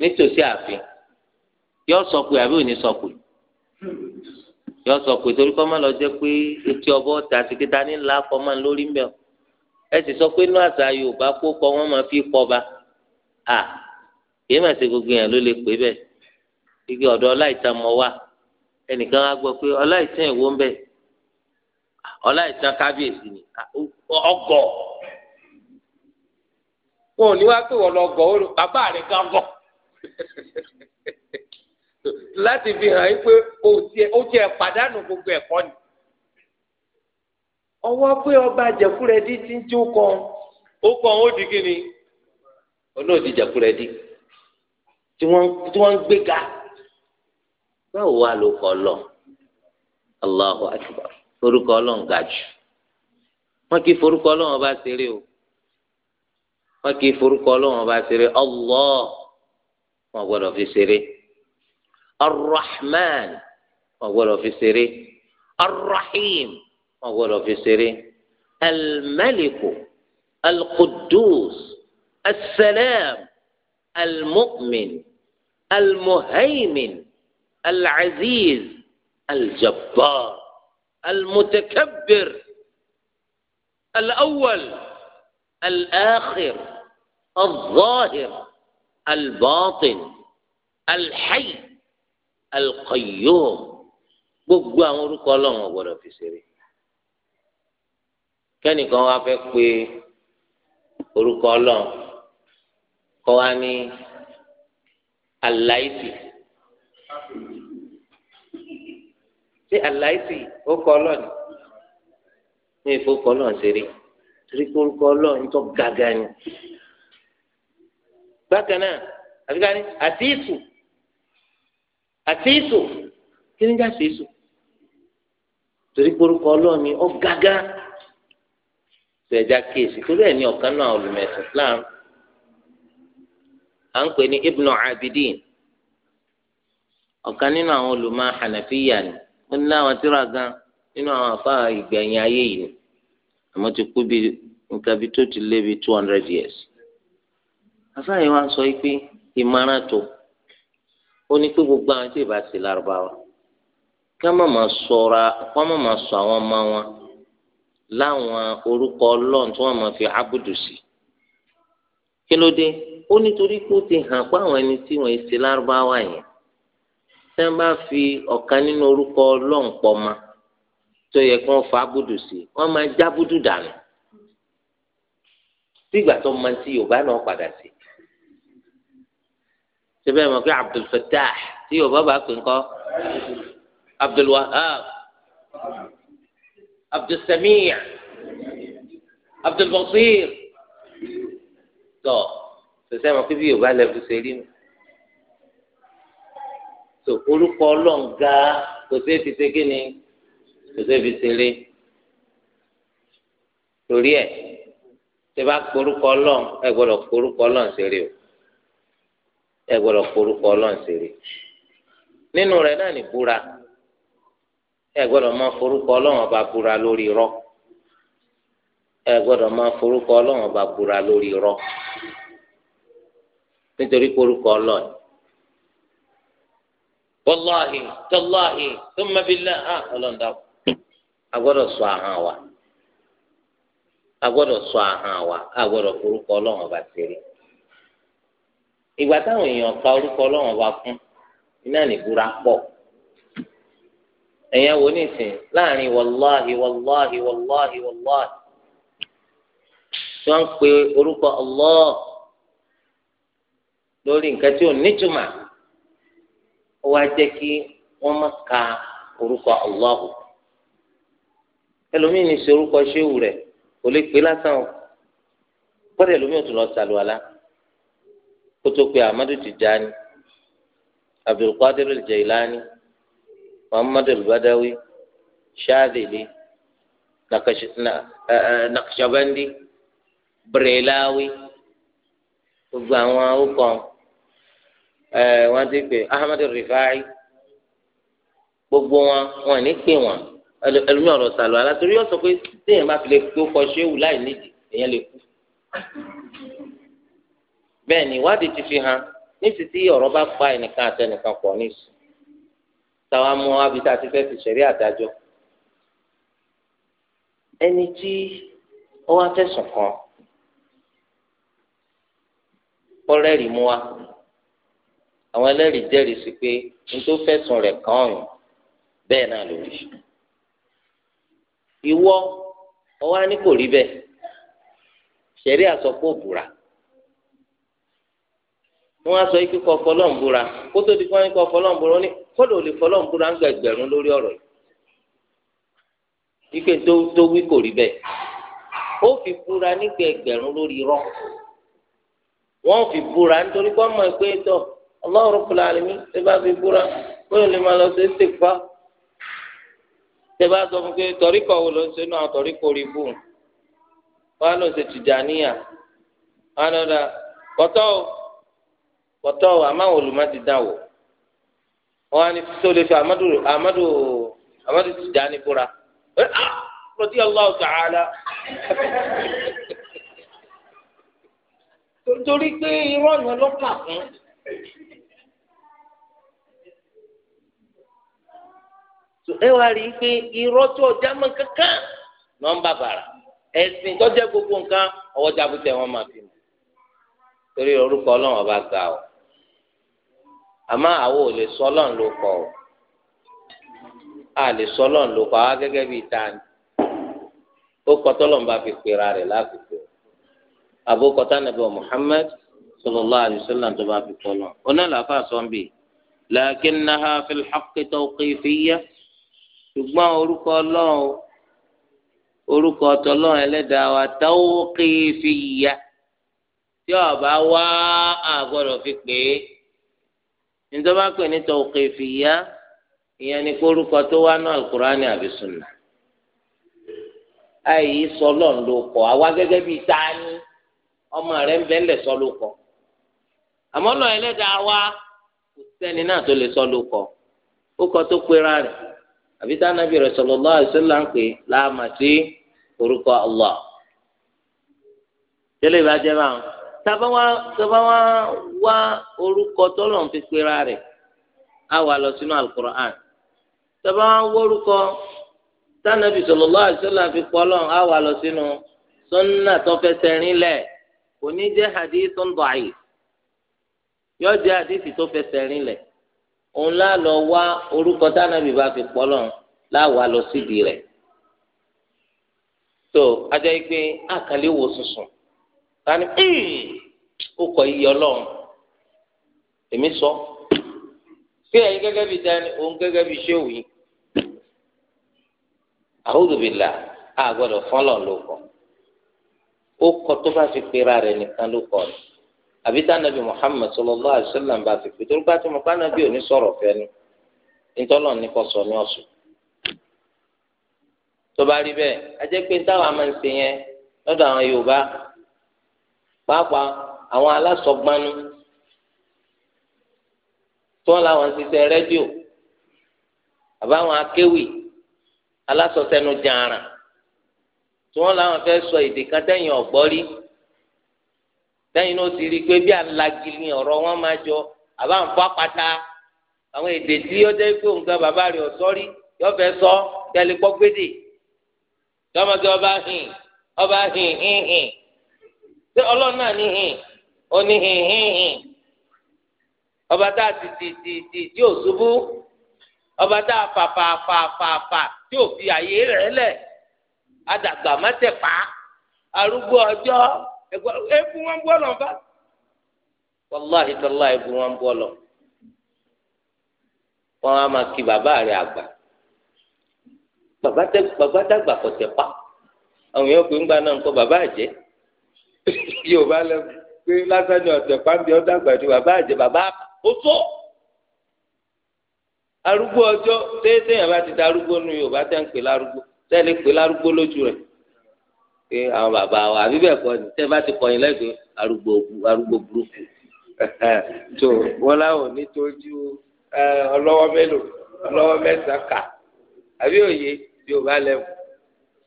nítòsí ààfin yóò sọ àbí òní sọ yọ sọ pé torí kọ́ máa lọ jẹ́ pé etí ọbọ̀ ta sí kíta ní ńlá kọ́ máa ń lórí ń bẹ̀ ọ́ ẹ sì sọ pé inú àṣà Yorùbá kó kọ wọ́n máa fi kọ́ ba à kìí mà ṣe gbogbo yẹn ló lè pè bẹ́ẹ̀ igi ọ̀dọ̀ ọláìtàn mọ̀ wá ẹnìkan á gbọ́ pé ọláìtàn èwo ń bẹ̀ ọláìtàn kábíyèsí ni ọgọ̀ wọn ò ní wá pé wọ́n lọ gọ̀ bàbá rẹ̀ gan láti fi hàn yín pé o tiẹ̀ o tiẹ̀ pàdánù gbogbo ẹ̀kọ́ ni. ọwọ́ pé ọba jẹ̀kúrẹ́dí ti ń jó kan ó kan ó di kí ni olóòdì jẹ̀kúrẹ́dí tí wọ́n ń gbéga báwo wá ló kọ́ lọ Allahu akbar forúkọ Ọlọ́run ga jù wọ́n kì í forúkọ Ọlọ́run ọba ṣeré o wọ́n kì í forúkọ Ọlọ́run ọba ṣeré Allah wọ́n gbọ́dọ̀ fi ṣeré. arrahman wọn gbọ́dọ̀ fi ṣeré arrahim wọn gbọ́dọ̀ fi ṣeré almaliku alqudus assalam almu'min almuhaymin alaziz aljabbar المتكبر الأول الآخر الظاهر الباطن الحي Al-Qayyum gbogbo àwọn orúkọ Ọlọ́run ọgbọdọ fi ṣeré kẹ́nìkan wá fẹ́ pé orúkọ Ọlọ́run kọ wá ní aláìsì ṣé aláìsì ó kọ Ọlọ́run ní ìfowópamọ́ Ọlọ́run ṣeré torí pé orúkọ Ọlọ́run tó gàgà ni bákan náà àti ká ní àti àṣeyíṣò kí ni jẹ́ àṣeyíṣò torí gborúkọ ọlọ́ọ̀ni ọ̀gágá sẹ̀dá kéèsì torí ẹ̀ ní ọ̀kan náà olùmẹ̀sìn Islam à ń pè ní Ibnu Abidin ọ̀kan nínú àwọn olùmọ̀ Hànàfíyà ni ó ní láwọn tíra gan nínú àwọn àfa ìgbẹ̀yìn ayé yìí ni àmọ́ ti kú bíi nǹkan bíi tó ti lé bíi two hundred years àfa yìí wá sọ pé ìmọ̀ràn tó ó ní pé gbogbo àwọn tí ìbá sí lárúbáwá ká má má sọra ká má má sọ àwọn ọmọ wọn láwọn orúkọ ọlọ́run tí wọ́n máa fi ábùdù sí kí ló dé ó nítorí pé ó ti hàn pé àwọn ẹni tí wọ́n ṣe lárúbáwá yẹn tí wọ́n bá fi ọ̀kan nínú orúkọ ọlọ́run pọ̀ ma tó yẹ kí wọ́n fa ábùdù sí wọ́n máa já ábùdù dànù sígbà tó máa ti Yorùbá náà padà sí síbẹ̀ mọ̀ pé Abdul Fattah tí yorùbá bá pè ńkọ́ Abdul Wahab Abdul Sami' Abdul Basir tọ̀ sísẹ́ mọ̀ pé bí yorùbá lẹ́bi ṣe rí mi tó orúkọ ọlọ́ǹga kò sí fi ṣe kí ni kò sí fi ṣe torí ẹ̀ tẹ bá ọlọ́ǹ ẹ gbọ́dọ̀ korúkọ ọlọ́ǹ ṣe o. ẹ gbọ́dọ̀ forúkọ Ọlọ́run nínú rẹ̀ náà ní búra ẹ gbọ́dọ̀ máa forúkọ Ọlọ́run ọba búra lórí irọ́ ẹ gbọ́dọ̀ máa forúkọ Ọlọ́run ọba búra lórí nítorí forúkọ tó ah, a sọ ahọ́n wa a sọ ahọ́n wa a ọba ṣeré. ìgbà táwọn èèyàn ka orúkọ ọlọ́run ọba fún iná nìbúra pọ̀ ẹ̀yàn wo nísìn láàrin wàláhi wàláhi wàláhi wàláhi tí wọ́n ń pe orúkọ Allah lórí nǹkan tí ò nítumà ó wá jẹ́ kí wọ́n má ka orúkọ Allah ẹlòmíì ní sọ orúkọ ṣéwù rẹ̀ kò lè pè lásán o kọ́dẹ̀ ẹlòmíì ò tún lọ sàlùwàlá. kótó pé Ahmadu Tijani Abdulkadir Jailani Muhammadu Badawi Shadili Naqshabandi Brelawi gbogbo àwọn ọkọ wọn ti pè Ahmadu Rifai gbogbo wọn wọn ní pè wọn ẹlòmíràn ọ̀rọ̀ sàlọ alátorí yóò sọ pé téèyàn bá fi lè kó kọ ṣéwù láì nídìí èèyàn lè kú. bẹ́ẹ̀ ni ìwádìí ti fi hàn nísìsiyìí ọ̀rọ̀ bá pa ẹnìkan àtẹnìkan pọ̀ nísìsiyìí táwa mú abi ti fẹ́ fi ṣẹ̀rí àdájọ́ ẹni tí ó wá fẹ̀sùn kàn ó mú wa àwọn pé n tó fẹ̀sùn rẹ̀ kàn ọ̀yàn bẹ́ẹ̀ náà ló rí ìwọ ó wá ní kò rí wọn á sọ ikú kọ fọlọ́ǹbúra kó tó di fún ẹni kọ fọlọ́ǹbúra ó ní kọ́dọ̀ ò lè fọlọ́ǹbúra ń gba ẹgbẹ̀rún lórí ọ̀rọ̀ yìí ike tó tó wí kò rí bẹ́ẹ̀ ó fi búra nígbà ẹgbẹ̀rún lórí irọ́ wọ́n fi búra nítorí kọ́ mọ̀ pé tọ́ Allahu Rabbul Alamin ṣé bá fi búra bóyá lè máa lọ sí ṣèkpá ṣé bá sọ fún pé tọ́ríkọ̀ wo ló ń ṣe náà tọ́ríkọ̀ rí bù wọn á lọ ṣe Tìjàníyà wọn lọ dà wọ́tọ́ kọtọ àmàwọn olùmọ ti dán wò wọn á ní tó lè fi amadu amadu amadu ti dá ní búra ẹ ah rọdí Allahu ta'ala torí pé irọ́ yẹn ló kà fún. ẹ wá rí i pé irọ́ tó ọjà mọ́ kankan náà ń bàbàrà ẹ̀sìn tó jẹ́ gbogbo nǹkan ọwọ́ jábútẹ́ wọn máa fi mọ̀ torí orúkọ ọlọ́run ọba ga ọ àmọ́ àwọn ò lè sọ Ọlọ́run ló kọ o a lè sọ Ọlọ́run kọ àwa gẹ́gẹ́ bíi tani ó kọ tọlọ́run bá fi pera rẹ̀ láàfikò àbókọtà nàbẹ Muhammad sallallahu alaihi baa tó bá fi kọ lọ oná làáfà sọmbì fil haqqi tawqifiyya ṣùgbọ́n orúkọ Ọlọ́run orúkọ tọlọ́run Ẹlẹ́dàá wa tawqifiyya tí ọba wá níjọba pè ní tawqifiyya ìyẹn ni kórúkọ tó wá náà alukurani àbí sunna sọlọ ló kọ àwa gẹ́gẹ́ bíi tani ọmọ rẹ ń bẹlẹ sọ wa kò sẹ́ni náà tó lè sọ ló ó kọ tó pera rẹ̀ àbí tánàbí rẹ sallallahu ń pè tàbá wá tàbá wá wá orúkọ tọ́lọ̀ ń fi pera rẹ̀ á wà lọ sínú alukur'an tàbá wá wórúkọ tànàbì sallallahu alaihi wasallam fi pọ́lọ́ á wà lọ sínú sunna tó fẹsẹ̀ rinlẹ̀ kò ní jẹ́ hadithun da'if yóò jẹ́ hadithi tó fẹsẹ̀ rinlẹ̀ òun lá lọ wá orúkọ tànàbì bá fi pọ́lọ́ láwa lọ síbi rẹ̀ tó ajá pé àkàlẹ́ wo sùn sùn tani ó kọ iye ọlọ́run èmi sọ pé ẹ̀yin gẹ́gẹ́ bíi dání òun gẹ́gẹ́ bíi ṣéwù yìí a'udhu billah a gbọ́dọ̀ fọlọ ló kọ ó kọ tó bá fi pera rẹ̀ nìkan ló kọ rẹ̀ àbí tánàbí Muhammad sallallahu alaihi wasallam bá fi pé torí bá tó mọ kánàbí ò ní sọ̀rọ̀ fẹ́nu sọ ní ọ̀sùn tó bá rí bẹ́ẹ̀ a pé táwọn máa yẹn lọ́dọ̀ àwọn Yorùbá pàápàá àwọn alásọgbanú tí wọn làwọn ṣiṣẹ́ rédíò àbáwọn akéwì alásọsẹnu jàǹrà tí wọn làwọn fẹẹ sọ èdè kan tẹ̀yìn ọgbọrí tẹ̀yìn náà ti rí i pé bí alágìlì ọ̀rọ̀ wọn máa jọ àbáwọn fọ apata àwọn èdè tí ó jẹ́ pé nǹkan bàbá rẹ̀ ọ̀sọ́rí yóò fẹ́ sọ tẹ̀lé gbọ́gbédè tọmọdé ọba hìn ọba hìn hìn hìn ṣé ọlọ́run náà ní hìn ó ní hìn hìn hìn ọba tá a ti ti ti ti tí ọba tá a fà fà fà fà fà tí ò fi àyè rẹ̀ lẹ̀ adàgbà má tẹ̀ pa arúgbó ọjọ́ wọn bọ́ wàláhi tọ́lá wọn bọ́ wọn máa kí bàbá àgbà bàbá dàgbà yóò bá lẹ pé lásán ni ọ̀sẹ̀ pàǹdì ọ̀dà àgbàdo bàbá àjẹ bàbá oṣó arúgbó ọjọ́ téèté yẹn bá ti da arúgbó nu Yorùbá tẹ́ ń pè lárúgbó tẹ́ lè pè lárúgbó lójú rẹ̀ pé àwọn bàbá wa àbí bẹ́ẹ̀ kọ́ ni tẹ́ bá ti kọ̀yìn lẹ́gbẹ̀ẹ́ arúgbó arúgbó burúkú tó wọn láwọn nítorí ọlọ́wọ́ mélòó ọlọ́wọ́ mẹ́sàn-án kà àbí òye Yorùbá lẹ́wọ̀n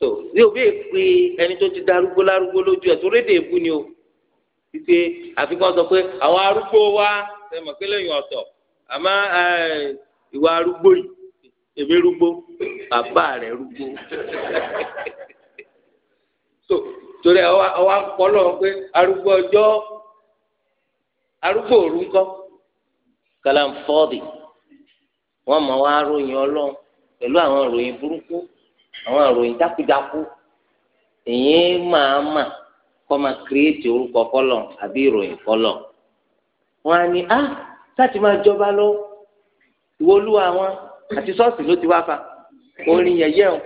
tó bí òbí èpè ẹni tó ti darúgbó lárúgbó lójú ẹ̀ tó rédè èbú ni o títí àfikún sọ pé àwọn arúgbó wa ṣe mọ̀ pé lẹ́yìn ọ̀tọ̀ àmọ́ ìwà arúgbó yìí èmi rúgbó bàbá rẹ̀ rúgbó so torí àwọn akọlọ pé arúgbó ọjọ́ arúgbó òru ńkọ́ kàlàǹfọ́ọ̀dì wọ́n mọ̀ wá ròyìn ọlọ́run pẹ̀lú àwọn ròyìn burúkú àwọn àròyìn jákujáku èyí máa mà kọ́ máa kírètì orúkọ fọlọ̀ àbí ìròyìn fọlọ̀ wọn á ní á láti máa jọba lọ ìwọ olúwa wọn àti ṣọ́ọ̀ṣì ló ti wá fa orin yẹyẹ o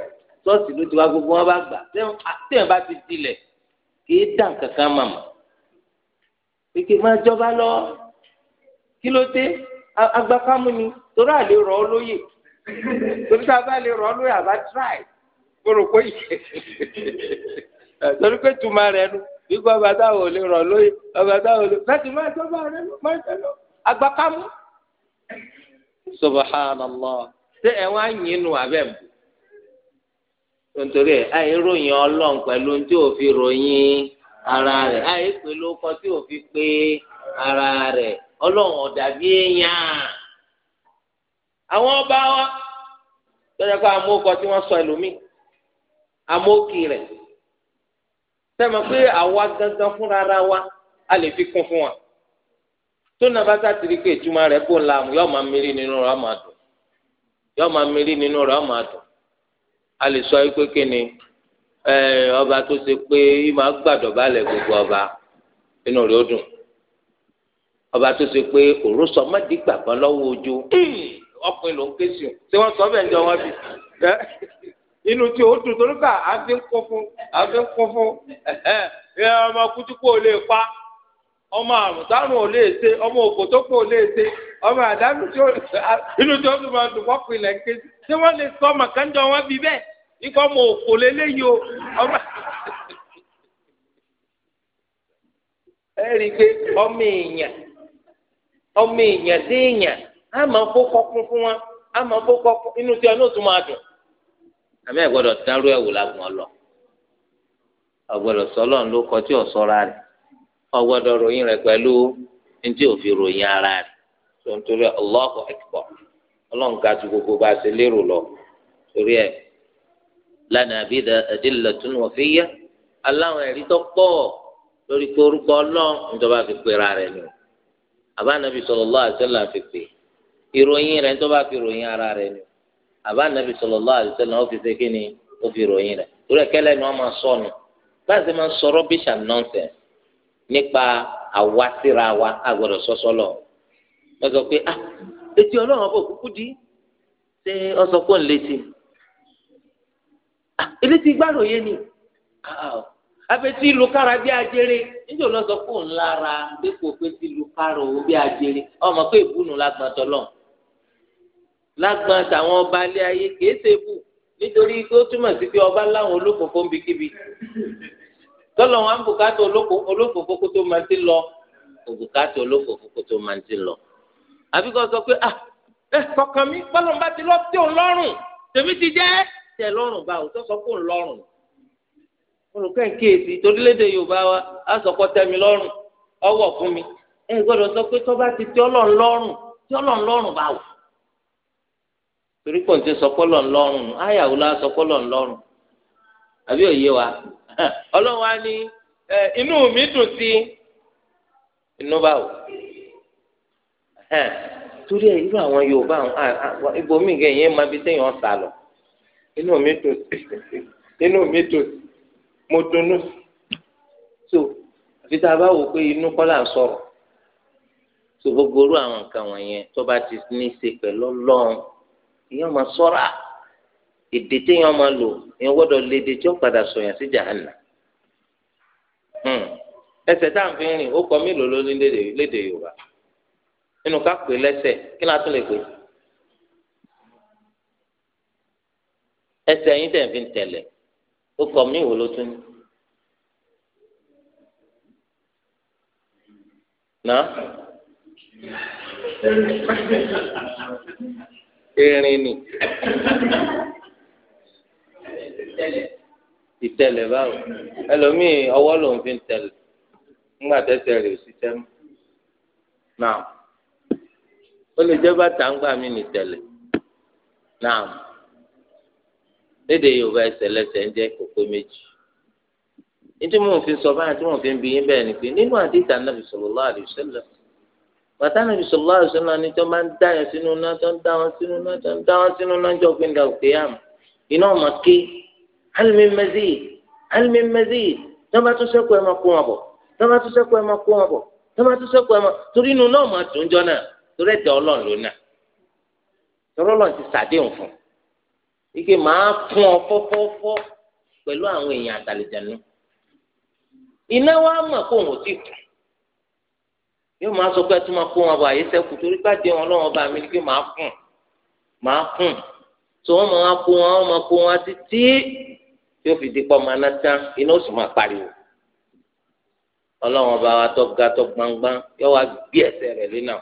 ṣọ́ọ̀ṣì ló ti wá gbogbo wọn bá gbà tẹ́wọ̀n bá ti dilẹ̀ kì í dàn kankan màmá kékeré máa jọba lọ kí ló dé agbákámú ni torí àlè rọ̀ ọ́ lóyè torí tá lè rọ̀ ọ́ lóyè àbá tíráì. mo rò ehi ehi pé tuma rẹ nu gbígbọ́ ọba táwọn lè rọ̀ lóye ọba táwọn lè láti máa jọba rẹ lọ máa lọ ṣé ẹ wá yín nu abẹ́ mu nítorí ẹ àyè ròyìn ọlọ́run pẹ̀lú tí fi ròyìn ara rẹ, àyè pé ló tí fi pé ara rẹ ọlọ́run ọ̀dà bí èèyàn àwọn ọba wa tọ́jà pé àwọn tí wọ́n sọ ẹlòmíì. amókì rẹ̀ sẹ́mi pé àwa gangan fúnra ara wa a lè fi kún fún wa tó nàbà sátìrí pé ìtumọ̀ rẹ̀ kó la mu yọ́ọ́ máa mérí nínú rẹ̀ ọ́ máa dùn yọ́ọ́ máa mérí nínú rẹ̀ ọ́ máa dùn a lè sọ pé kí ni ọba tó ṣe pé ìmọ̀ gbàdọ̀bálẹ̀ gbogbo ọba inú rẹ̀ ó dùn ọba tó ṣe pé òró sọ má di gbàgbọ́ lọ́wọ́ ojú ọkùnrin ló ń ké sí o ṣé wọ́n sọ bẹ́ẹ̀ ń jọ wọ́n bí inú tí o dùn torí ká à ń fi kún fún à ń kún fún ẹ ọmọ kútúkú ò lè pa ọmọ àrùn táwọn ò lè ṣe ọmọ òkò tó kù ò lè ṣe ọmọ àdánù tí ó inú tí ó fi máa dùn wọ́pọ̀ ilẹ̀ ké ṣé wọ́n lè sọ ọmọ kan jọ bí bẹ́ẹ̀ ọmọ òkò o ọmọ. ẹ rí i ọ náà tún àmì ẹ gbọ́dọ̀ dárú ẹwù làgbọn lọ sọlọ ló kọ tí ò rẹ rẹ̀ ròyìn rẹ̀ pẹ̀lú ntí òfin ara tó ń torí Ọlọ́run ká gbogbo bá a ṣe lérò lọ torí ẹ lánàá bí aláwọn tó lórí pé orúkọ Ọlọ́run níjọba fi ni fi pè ìròyìn níjọba fi ara àbá nàbì sallallahu alaihi wasallam ó fi ṣe kí ni ó fi ròyìn rẹ̀ torí ẹ̀kẹ́lẹ́ ni wọ́n máa sọnù báyìí máa sọ rubbish and nonsense nípa àwa síra wa àgbọ̀dọ̀ sọ́sọ́lọ̀ wọ́n sọ pé ah ah ni ah, abẹ́tí bí ajere ń ti òun bí ajere ọmọ pé ìbùnú lágbàtọ́ lọ́hùn lágbọn tàwọn ọba alẹ ayé kìí ṣe bù nítorí pé ó túmọ̀ sí pé ọba láwọn olófòfó ń bikíbi tọ́lọ̀ wọn bùkátà olófòfó kó tó máa ti lọ òbùkátà olófòfó kó tó máa ti lọ. àbí sọ pé ah ẹ kọkàn mi bọ́lọ̀mbá ti lọ tí ò ń lọ́rùn tèmi ti jẹ́ tẹ̀ lọ́rùn bá òótọ́ sọ pé ò ń lọ́rùn. olùkọ́ ẹ̀ kíyèsí torílẹ̀-èdè yorùbá wa á sọ pé tẹ́mi lọ́rùn ọwọ́ fún mi ẹ gbọ́dọ̀ sọ pé tọ́ bá ti tí ọlọ́run lọ́rùn tí ọlọ́run lọ́rùn bá wò torí pọ̀ ní sọpọ́lọ̀ ńlọ́rùn ayàwó la sọpọ́lọ̀ ńlọ́rùn àbí òye wa ọlọ́run wa ní inú mi dùn sí inú bá wò torí ẹ irú àwọn yorùbá ibòmíì gẹ yẹn máa fi téèyàn sá lọ inú mi dùn sí inú mi dùn sí mo dunnú so àfi tá a bá wò pé inú kọ́ sọ̀rọ̀ so gbogbo irú àwọn nǹkan wọ̀nyẹn tó bá ti ní í ṣe pẹ̀lú ọlọ́run. èèyàn máa sọ́ra èdè téèyàn máa lò èèyàn gbọ́dọ̀ lè èdè tí ó padà sọ̀yàn sí jahanna hmm. ẹsẹ̀ tá à ń fi rìn ó kọ mélòó ló ní léde yorùbá nínú ká pè lẹ́sẹ̀ kí lè pè ẹsẹ̀ yín tẹ̀ fi ń kọ mí wò ló tún ní. erin ni ìtẹ̀lẹ̀ báwo ẹlòmíì ọwọ́ lòun fi ń tẹ̀lẹ̀ ńgbà tẹsẹ̀ rẹ̀ ò sí tẹmú náà ó lè jẹ́ bàtà ńgbà mí ní tẹ̀lẹ̀ náà lédè Yorùbá ń kókó méjì mò ń fi sọ báyìí tí mò ń fi ń bí yín bẹ́ẹ̀ ni pé nínú àdìsá bàtà nàbì sọlá àṣọlá ni tó máa ń dá yẹn sínú iná tó ń dá wọn sínú iná tó ń dá wọn sínú iná jọ gbẹndà òkè yàm iná ọmọ alimi alimi tó máa kó wọn tó máa kó wọn tó máa torí inú náà máa jọ náà torí ike máa fún ọ pẹ̀lú àwọn èèyàn iná wa kó yóò máa sọ pé ẹ tún máa kó wọn bọ àyè sẹ́kù torí pàdé wọn lọ́wọ́ bá mi ni pé màá kùn màá kùn tó wọn máa kó wọn wọn máa kó wọn títí yóò fi dípọ̀ máa ná tán iná ó sì máa pariwo ọlọ́wọ́n bá wa tó ga tó gbangban yóò wá gbé ẹsẹ̀ rẹ̀ lé náà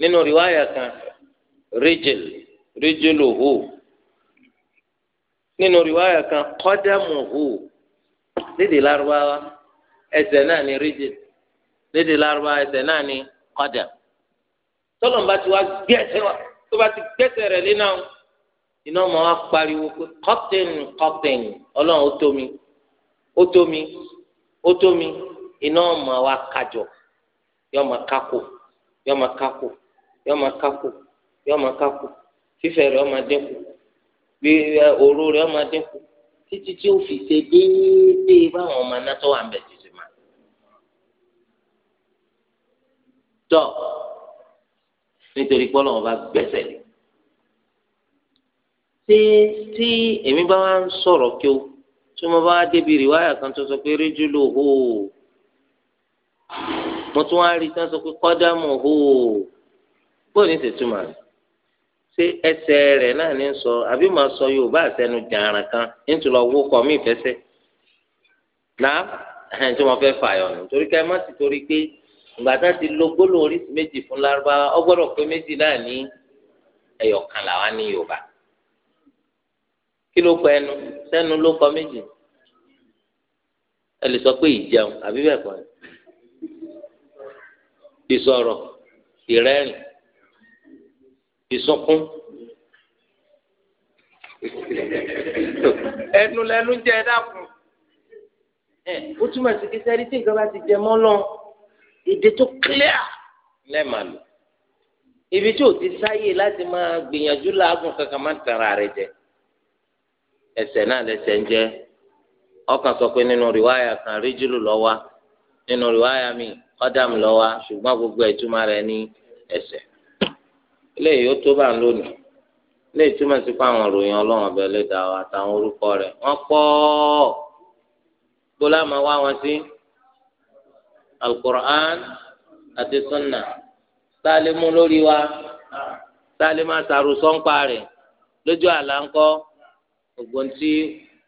nínú rìwáyà kan ríjìl ríjìl òhù nínú rìwáyà kan kọ́dàmù òhù lédè lárúbáwá ẹsẹ̀ náà ni ríjìl. lédè lárúbá ẹsẹ̀ náà ni kọ́dà tọ́lọ̀ bá ti wá wa tó bá ti iná ọmọ wa pariwo pé kọ́tìn ó tó mi ó tó mi ó tó mi iná ọmọ wa yọ kákò yọ kákò yọ kákò yọ kákò fífẹ̀ rẹ̀ ọmọ dínkù bí òru rẹ̀ ọmọ dínkù títí tí ó fi ṣe déédéé báwọn ọmọ tọ́ nítorí pọlọ ọba tí tí èmi bá ń sọ̀rọ̀ kí o tí mo bá débi rìwáyà kan tó sọ pé rédíò lò hó mo tún wá rí tí wọ́n sọ pé bó ní ṣé náà ní sọ àbí sọ yorùbá àtẹnu jàǹrà kan nítorí lọ wó mí ìfẹsẹ̀ náà ẹ̀hìn tí wọ́n fẹ́ fààyàn nù torí ká ẹ má torí pé ìgbàdá ti lo gbólóhùn oríṣi méjì fún lárúbáwá ó gbọ́dọ̀ pé méjì náà ní ẹyọkan làwa ní yorùbá kí ló kọ ẹnu sẹnu ló kọ méjì ẹ lè sọ pé ìjẹun àbí bẹ́ẹ̀ kọ́ ìsọ̀rọ̀ ìrẹ́rìn ìsọkún ẹnu lẹnu jẹ dákun ẹ ó túmọ̀ sí kí sẹ́rí tí nǹkan bá ti jẹ mọ́ lọ́wọ́ èdè tó clear lẹ́ẹ̀ma lò ibi tí o ti sáyè láti máa gbìyànjú láàgùn kankan máa ń tara rẹ jẹ ẹsẹ̀ náà lẹsẹ̀ ń jẹ ọkàn sọ pé nínú rìwáyà kan ríjìlù lọ́wọ́ nínú rìwáyà mi ọ̀dàm lọ́wọ́ ṣùgbọ́n gbogbo ìtumọ̀ rẹ̀ ní ẹsẹ̀ eléyìí ó tó bá ń lónìí eléyìí túmọ̀ sí pé àwọn òròyìn ọlọ́run ọbẹ̀ lè dà àtàwọn orúkọ rẹ̀ wọ́n pọ̀ bó láwọn wá wọn sí. Si alukur'an àti sunna sáálé mú lórí wa sáálé máa sàrò sọ́ńpa rẹ̀ lójú àlá ńkọ́ ògbón tí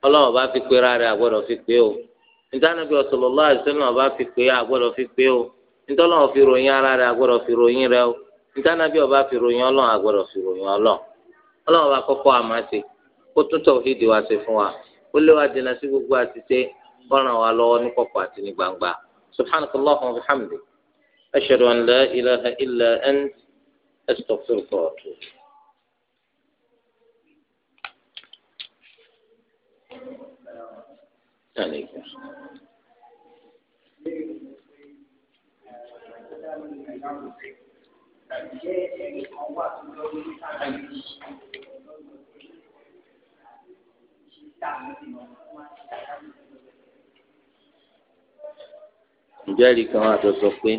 ọlọ́run bá fi pera rẹ̀ àgbọ̀dọ̀ fi pé o nítànàbí sallallahu alaihi wasallam bá fi pé àgbọ̀dọ̀ fi pé o nítọ́lọ́run fi ròyìn ara rẹ̀ àgbọ̀dọ̀ fi ròyìn rẹ̀ o nítànàbí ọba fi ròyìn ọlọ́run àgbọ̀dọ̀ fi ròyìn ọlọ́run ọlọ́run bá kọ́kọ́ àmà ṣe kó tún tawhidi wa ṣe fún wa ó lé wa sí gbogbo àtìṣe ọ̀ràn wa lọ́wọ́ ní kọ̀kọ̀ àti ní gbangba. سبحانك اللهم وبحمدك أشهد أن لا إله إلا أنت أستغفرك وأتوب Thank you. ǹjẹ́ ẹ̀rí kan wà tó sọ pé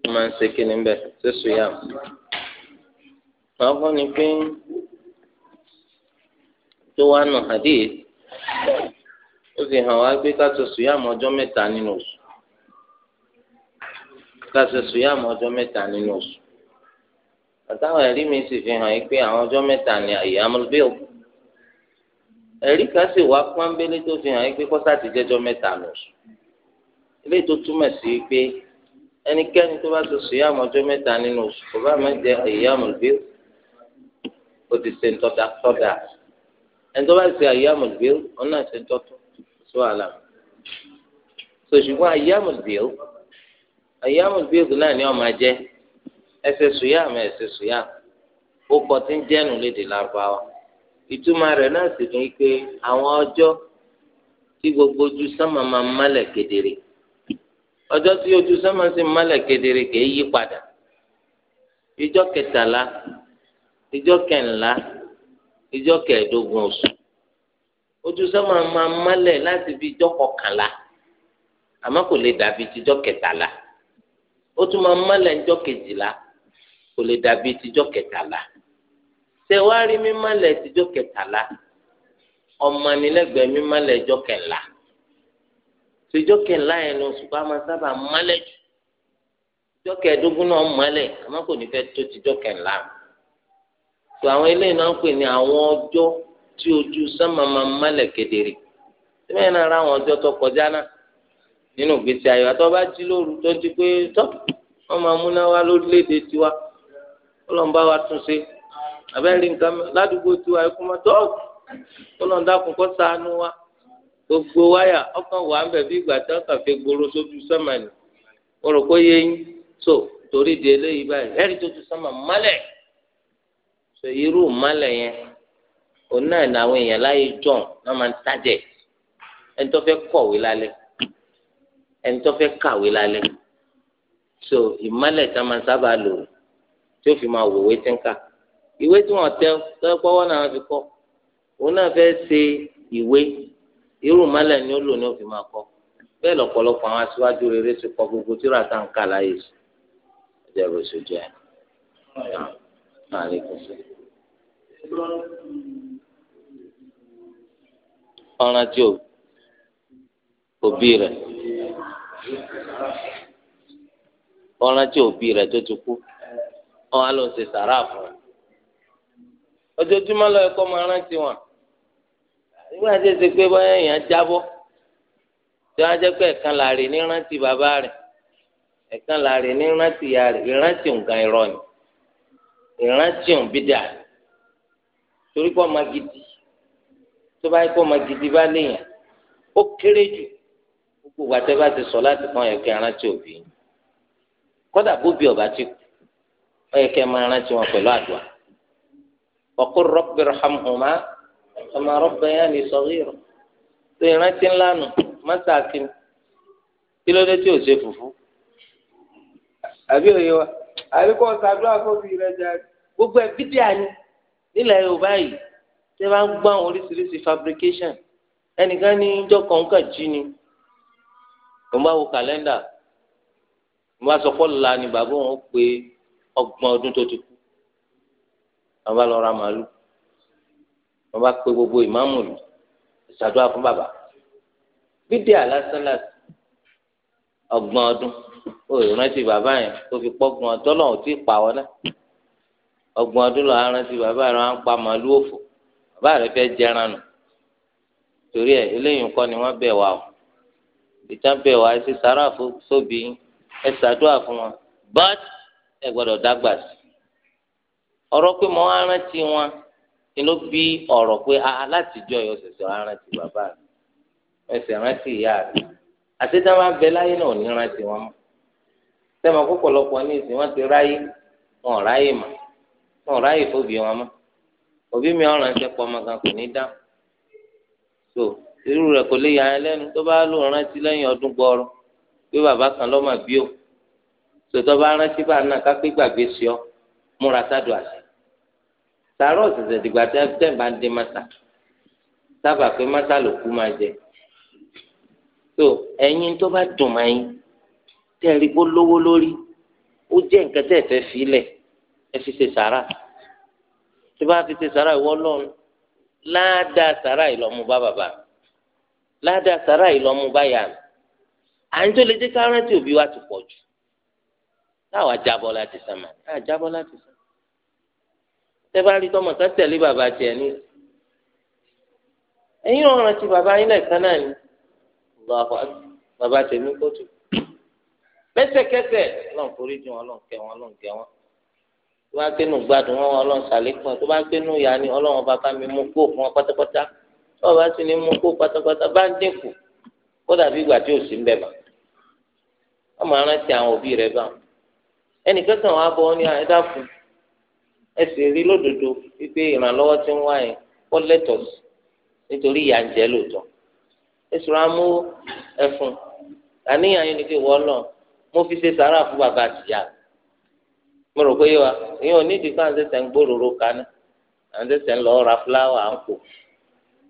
wọ́n máa ń ṣe kíni bẹ́ẹ̀ ṣé sùúyà àwọn ni pé tó wá nù hadith ó fi hàn wá pé ká ṣe sùúyà mọ́ ọjọ́ mẹ́ta nínú oṣù ká ṣe sùúyà mọ́ ọjọ́ mẹ́ta nínú oṣù àtàwọn ẹ̀rí mi sì fi hàn yí pé àwọn ọjọ́ mẹ́ta ni àyè amúlùbíyọ̀ ẹ̀rí kan sì wá pọ́nbélé tó fi hàn pé kọ́sá ti jẹ́jọ́ mẹ́ta lọ sùn ilé tó túmọ̀ sí pé ẹnikẹ́ni tó bá ti sùn yá àmọ́jọ́ mẹ́ta nínú oṣù kò bá má jẹ èyí àmọ̀lùbí ó ti ṣe ńtọ́da tọ́da ẹni tó bá ti ṣe èyí àmọ̀lùbí ó náà ṣe ńtọ́tọ́ sí wàhálà so ṣùgbọ́n èyí àmọ̀lùbí èyí àmọ̀lùbí náà ni ọmọ jẹ ẹsẹ̀ sùn yá àmọ́ ẹsẹ̀ ìtumọ̀ rẹ̀ náà sì ni pé àwọn ọjọ́ tí gbogbo ojú sánmà máa ń kedere ọjọ́ tí ojú sánmà sì ń málẹ̀ kedere kìí yí padà ìjọ kẹtàlá ìjọ kẹńlá ìjọ oṣù ojú sánmà máa ń láti fi ìjọ kọkànlá àmọ́ kò lè dàbí kẹtàlá ó tún máa ń tẹwárí mímálẹ̀ ìtìjọ́ kẹtàlá ọmọnilẹ́gbẹ̀ẹ́ mímálẹ̀ ìjọ́ kẹ̀lá ìtìjọ́ kẹ̀lá yẹn ni oṣù káwọn sábà málẹ̀ jù ìtìjọ́ kẹẹ̀dógún náà málẹ̀ àmọ́ kò ní fẹ́ tó ìtìjọ́ kẹ̀lá tó àwọn eléyìí náà ń pè ní àwọn ọjọ́ tí ojú sánmà máa málẹ̀ kedere tí wọ́n yẹn náà rá àwọn ọjọ́ tó kọjá náà nínú gbèsè ayọ̀ àtọ́ bá jí lóru tó ti pé tọ́ wọ́n máa múná wá lórílẹ̀ tiwa ó lọ́n bá wa tún ṣe abẹ́rẹ́ nǹkan ládùúgbò tí wàá kú mọ́ tó kọ́nà dákun kọ́ sànú wa gbogbo wáyà ọkàn wà ń bẹ̀ bí ìgbà tí wọ́n kà fi gbòòrò sójú sọ́mà ni wọ́n rò pé yé yín so torí di eléyìí báyìí ẹ̀rí tó tu sọ́mà mọ́lẹ̀ so irú mọ́lẹ̀ yẹn òun náà ní àwọn èèyàn láyé jọ̀n wọ́n máa ń tajẹ̀ ẹni tó fẹ́ kọ̀wé lálẹ́ ẹni tó fẹ́ kàwé lálẹ́ so ìmọ́lẹ̀ tá a máa sábà lò tí ó fi máa wòwe tí ń kà ìwé tí wọ́n tẹ tọpọwọ náà fi kọ òun náà fẹẹ ṣe ìwé irú mọlẹ ni ó lò ní òfin máa kọ bẹ́ẹ̀ lọ́pọ̀lọpọ̀ àwọn aṣíwájú rere ti kọ gbogbo tíra tá n kà láyè sùn ọjọ́ ìrò ìṣojú ẹ náà lè kó sí. ọ̀ràn tí òbí rẹ̀ ọ̀ràn tí òbí rẹ̀ tó ti kú ọ̀hán ló ń ṣe sàrà fún un ojoojúmọ́ lọ ẹ̀kọ́ máa rántí wọn nígbà tí èsì pé báyà èèyàn jábọ́ tí wọ́n á jẹ́ pé ẹ̀kan láàrin ní rántí bàbá rẹ̀ ẹ̀kan láàrin ní rántí ìyá rẹ̀ ìrántí nǹkan irọ́ ni ìrántí òun bídà torí pé ọmọ gidi tó bá yẹ kó ọmọ gidi bá léèyàn ó kéré jù gbogbo wa tẹ́ bá ti sọ láti kàn yẹ kí arántí òbí kódà bóbi ọba ti kú ó yẹ kí ẹ máa rántí wọn pẹ̀lú àdúrà. وقل رب ارحمهما كما ربياني صغيرا tó ìrántí ńlá nù mọ́sàkì ni kí ló dé tí ò ṣe fùfú. àbí òye wa àbí kò ṣàdúrà fóbi rẹ jáde. gbogbo ẹ bídíà ni nílẹ̀ yorùbá yìí ṣé bá ń gbọ́ oríṣiríṣi fabrication ẹnìkan ní ìjọ kọ̀ọ̀kan jí ni. mo bá wo kàlẹ́ndà mo bá sọ fọ́ọ̀lù la ni bàbá òun pé ọgbọ̀n ọdún tó ti kú wọn bá lọ ra màálù wọn bá pe gbogbo ìmáàmù lù ìṣàdúrà fún bàbá bídíà lásán láti ọgbọ̀n ọdún ó rántí bàbá yẹn tó fi pọ́gbọ̀n ọdún lọ́wọ́ tí ì pa ọ́ náà ọgbọ̀n ọdún lọ́wọ́ rántí bàbá rẹ̀ wọ́n á pa màálù òfò bàbá rẹ̀ fẹ́ jẹran nù torí ẹ̀ eléyìí kọ́ ni wọ́n bẹ̀ wá o ìtàn bẹ̀ wá ẹ ṣe sàrà fún sóbì ẹ ṣàdúrà fún wọn bọ́t ẹ gbọ́dọ̀ dágbà sí i. ọ̀rọ̀ pé mo arántí wọn ni ló bí ọ̀rọ̀ pé a ah, ah, látijọ́ yọ ṣẹ̀ṣẹ̀ arántí bàbá mi ẹsẹ̀ rántí ìyá mi àtẹ́tẹ́ máa bẹ láyé náà ní rántí wọn mọ́ sẹ́mi ọ̀pọ̀lọpọ̀ ní ìsìn wọn ti ráyé wọn ráyè wọn ráyè fóbi wọn mọ́ òbí mi ọ̀ràn ṣe pọ̀ ọmọ kan kò ní dá so irú rẹ̀ kò lè yà á lẹ́nu tó bá lò o bá rántí bá náà ká pé gbàgbé sí ọ múra sàárọ̀ ọ̀sẹ̀sẹ̀ dìgbà tẹ́ẹ̀ bá ń dín mọ́tà sábà pé mọ́tà ló kú máa jẹ tó ẹ̀yin tó bá dùn máa yín tẹ́ ẹ rí bó lówó lórí ó jẹ́ nǹkan tẹ́ ẹ fẹ́ fi lẹ̀ ẹ fi ṣe sàárà tó bá fi ṣe sàárà ìwọ lọ́run láàdá sàárà ìlọ́mú bá bàbá láàdá sàárà ìlọ́mú bá yà mí à tó lè dé kárẹ́ǹtì òbí wa ti pọ̀ jù táwa jábọ́ láti sàmà táà jábọ́ láti sàmà tẹ́ bá rí tọmọ kan tẹ̀lé bàbá tiẹ̀ ní. ẹ̀yin ọ̀ràn ti bàbá yín lẹ́ẹ̀kan náà ni bàbá tèmi kò tù. lẹ́sẹ̀kẹsẹ̀ lọ́n forí jù wọn lọ́n kẹ́ wọn lọ́n kẹ́ wọn. tó bá gbénu gbádùn wọn wọn lọ́n sàlékún wọn tó bá gbénu ìyá ni ọlọ́run bàbá mi mú kó fún wọn pátápátá tó bá sì ní mú kó pátápátá bá ń dínkù kó dàbí ìgbà tí ò sí ń bẹ̀ bá. wọ́n máa rántí àwọn òbí rẹ̀ bá wọn. ẹnì ẹsẹ̀ rí lódodo wípé ìrànlọ́wọ́ tí ń wá yẹn kọ́ lẹ́tọ̀s nítorí ìyà ń jẹ lóòótọ́ ẹsùn amú ẹfun àníyàn yẹn ni pé wọ́n lọ mo fi ṣe sàárà fún bàbá àtìyá mo rò pé wa ìyẹn ò ní ìdí fún àǹtẹ̀tẹ̀ ń gbòòrò kaná àǹtẹ̀tẹ̀ ń lọ ra fúláwà à ń kó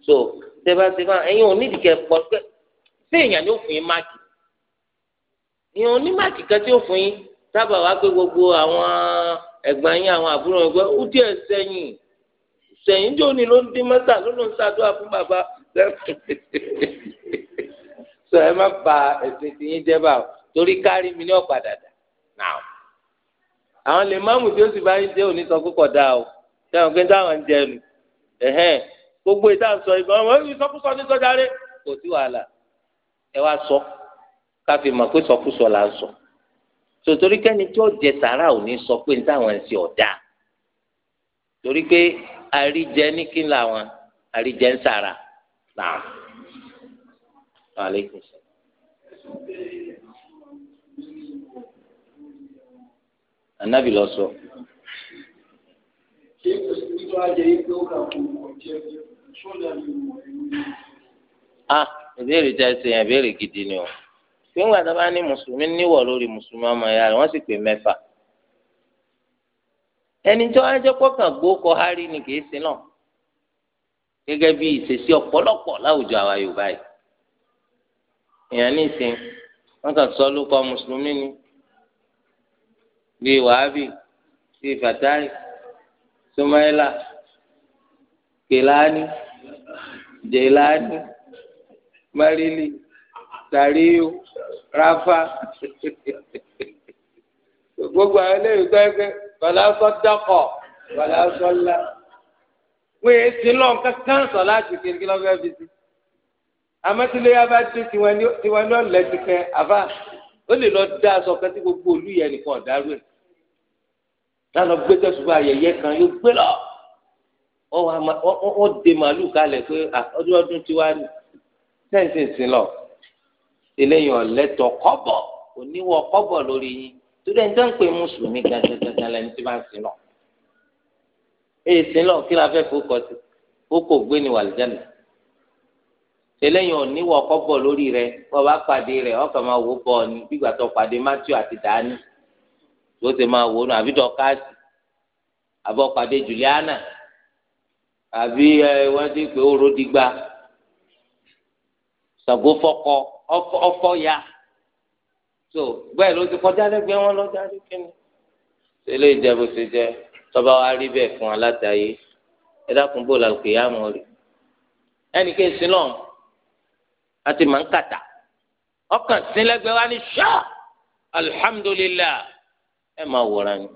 so tẹ́bátẹ́bá ẹ̀yin ò ní ìdí kẹ́ pọ̀ pé sí èèyàn ló fún yín máàkì ìyẹn ò ní máàkì kan tí ó fún yín sábà wá pé gbogbo àwọn ẹ̀gbọ́n yín àwọn àbúrò ẹ̀gbọ́n ó díẹ̀ sẹ́yìn sẹ́yìn jò ní ló ń dín mẹ́ta ló ló ń ṣàdúrà fún bàbá sọ ẹ má ba ẹ̀sìn tí yín jẹ́ bá o torí kárí mi ní ọ̀pá dàda náà àwọn lè máàmù tí ó sì bá ń jẹ́ òní sọ púpọ̀ dáa o sẹ́wọ̀n pé táwọn ń jẹ nu ẹ̀hẹ́n gbogbo ìta sọ ìgbọ́n wọn ò sọkúsọ ní sọjáre kò sí wàhálà ẹ wá sọ káfíńmọ̀ pé sọkúsọ là ń sọ sòtòrí kẹ́ni tí ó jẹ sàrà ò ní sọ pé ní táwọn ń ṣe ọ̀dà torí pé àríjẹ ní kí làwọn àríjẹ ń sàrà náà. Aleykum salaam. Ànábì sọ. Ah, ìbéèrè tẹ́ ẹ ṣe yẹn ìbéèrè gidi ni o tí wọn àti bá ní mùsùlùmí níwọ̀ lórí mùsùlùmí ọmọ ìyá rẹ̀ wọ́n sì pè mẹ́fà ẹni tí wọ́n á jẹ́ pọ́kàn gbókọ̀ hárí ni kìí sin náà gẹ́gẹ́ bí ìṣesí ọ̀pọ̀lọpọ̀ láwùjọ àwa Yorùbá yìí èèyàn ní ìsìn wọn kàn sọ lóko mùsùlùmí ni bíi wàhábì bíi fatari sumaila kelani jelani marili tariyu rafa gbogbo àwọn eléyìí tó ẹgbẹ balasọ dọkọ balasọ la wọn yéé sin lọ kankan sọ láti kékeré lọ fẹẹ fi si amátúndé yaba dé tiwọn ní ọlẹ ti kẹ àbá ó lè lọ dá aṣọ kan tí gbogbo olú yẹn nìkan ọ̀dàrú ẹ̀ lánàá gbé tẹ̀sùbà ayẹyẹ kan yóò gbé lọ wọ́n de màálù kalẹ̀ pé ọdún ọdún tiwa ní sẹ́ǹsì ìsìn lọ eléyìí ọ̀lẹ́tọ̀ kọ́bọ̀ oníwọ̀ kọ́bọ̀ lórí yín torí ẹni tó ń pè mùsùlùmí gangan lẹni tí wọ́n sin lọ. èyí sin lọ kí la fẹ́ fọkọ sí ó kò gbé ní wàlìjánà eléyìí oníwọ̀ kọ́bọ̀ lórí rẹ wọ́n bá pàdé rẹ ọkàn máa wò bọ̀ ni bígbà tó pàdé Matthew àti dání tó ti máa wò nù àbí dọ́kásì àbọ̀ pàdé Juliana àbí ẹ wọ́n ti pè ó ròdìgbà ṣàgófọ́kọ́ ọfọ ọfọ ya so bẹ́ẹ̀ ló ti kọjá lẹ́gbẹ̀ẹ́ wọn lọjà rí kíni tẹlẹ ìjẹbù ti jẹ tọba wa rí bẹ́ẹ̀ fún alátayé ẹ dákun bò lálùkè yá mọ rí ẹnì kí n sin náà àti màá ń kàtà ọkàn sin wa ni ṣá alihamudulilayi ẹ máa wòran ni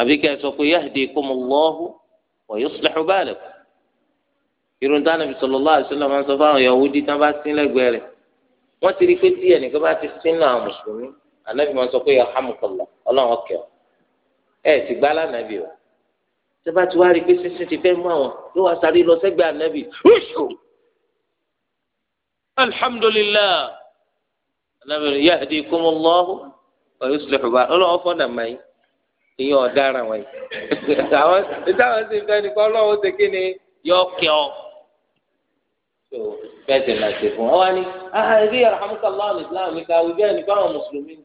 àbí kí ẹ sọ pé yahdi kò mọ lọ́hùn wa yuslihu balakum irun táwọn ibi sọlọ lọ́wọ́ àṣọ lọ́wọ́ sọ fáwọn Yahudi tán bá sín lẹ́gbẹ̀ẹ́ rẹ̀ wọ́n ti rí pé tí ẹnìkan bá ti sín náà mùsùlùmí ànábì máa sọ pé alhamdulilah ọlọ́run ọkẹ́ ọ ẹ ti gbá lánàbì o tó bá ti wá rí pé sísìn ti fẹ́ mú àwọn ló wá sáré lọ sẹ́gbẹ̀ẹ́ ànábì alhamdulilah ànábì yahdikumullahu wa yuslihu bá ọlọ́run fọ́nà máa yín ìyẹn ọ̀daràn wọ̀nyí àwọn ìtàwọn sì fẹ́ ni kọ́ ọlọ́run ti kí ni yọ ọkẹ́ ọ. tó bẹ́ẹ̀ sì máa ṣe fún wọn. wọ́n á ní ẹbí arahamusa aláwọ̀ islam ní ká wí bẹ́ẹ̀ mùsùlùmí ni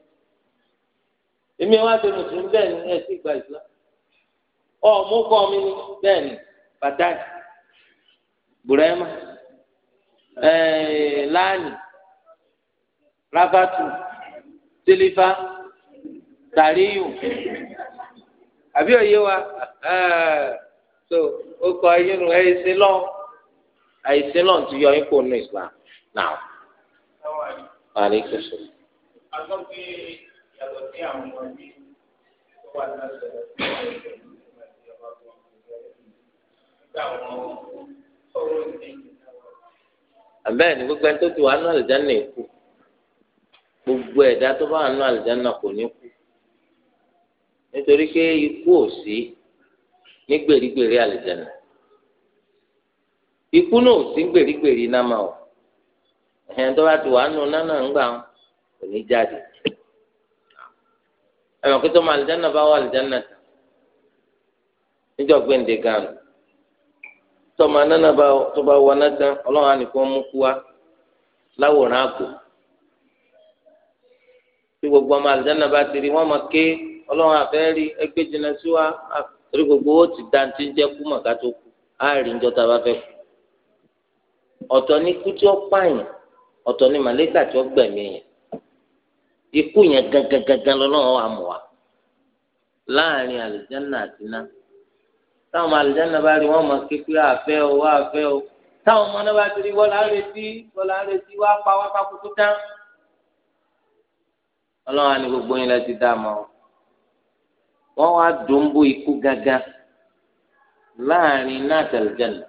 èmi wá ṣe mùsùlùmí bẹ́ẹ̀ islam ọ mú kọ́ mi ni bẹ́ẹ̀ ni bàtàì bùrẹ́mà sílífà tàríyù àbí òye so ó ẹ̀ àìsí náà ti yọ ipò nù islam náà. Àlè kòsò. Àgbọ̀n pé yàtọ̀ sí àwọn ọmọ mi tó wà lásán àbẹ́ẹ̀ ni gbogbo ẹni tó ti wà nù àlìjáná èkó gbogbo ẹ̀dá tó bá wà nù àlìjáná kò ní kú nítorí pé ikú ò sí ní gbèrígbèrí àlìjáná ikú náà ò sí gbèrígbèrí náà mà ó ẹ̀hìn tó bá ti wà nù náà náà ń gbà wọn kò ní jáde kí tó máa bá wà tà tó bá wọ náà tán ọlọ́run mú kú wa láwòrán àgbò tí gbogbo ọmọ bá ti rí ti jẹ́ kú mọ̀ká tó kú á rí níjọ́ tá a ọ̀tọ̀ ní ikú tí ó pààyàn ọ̀tọ̀ ní màlẹ́kà tí ó gbẹ̀mí yẹn ikú yẹn gangan gangan lọ́wọ́ wa mọ̀ wá láàrin àlùjáná àti iná táwọn àlùjáná bá rí wọn mọ kékeré àfẹ́ o wá àfẹ́ o táwọn ọmọ náà bá ti rí wọ́n láre sí wọ́n láre sí wá pa wá pa kúkú tán ọlọ́run á ní gbogbo yín lẹ́ ti dá a mọ́ wọ́n wá dòńbó ikú gangan láàrin iná àti àlùjáná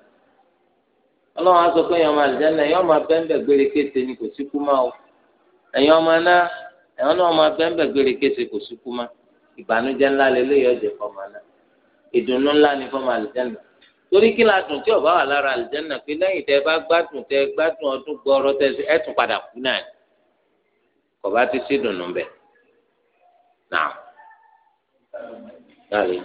ọlọ́run á sọ pé èèyàn máa jẹ́ náà èèyàn máa bẹ́ńbẹ̀ gbére kése ni kò sí kú máa o èèyàn máa ná èèyàn náà máa bẹ́ńbẹ̀ gbére kése kò sí kú máa ìbànújẹ́ ńlá lélẹ́ yóò jẹ́ fọmọ náà ìdùnnú ńlá ni fọmọ àlìjẹ́nà torí kí ládùn tí ọba wà lára àlìjẹ́nà pé lẹ́yìn tẹ́ bá gbádùn tẹ́ gbádùn ọdún gbọ́ọ́rọ́ tẹ́ ẹ tún padà kú náà kò bá ti sí dùnnú bẹ́ẹ̀ náà láàrin.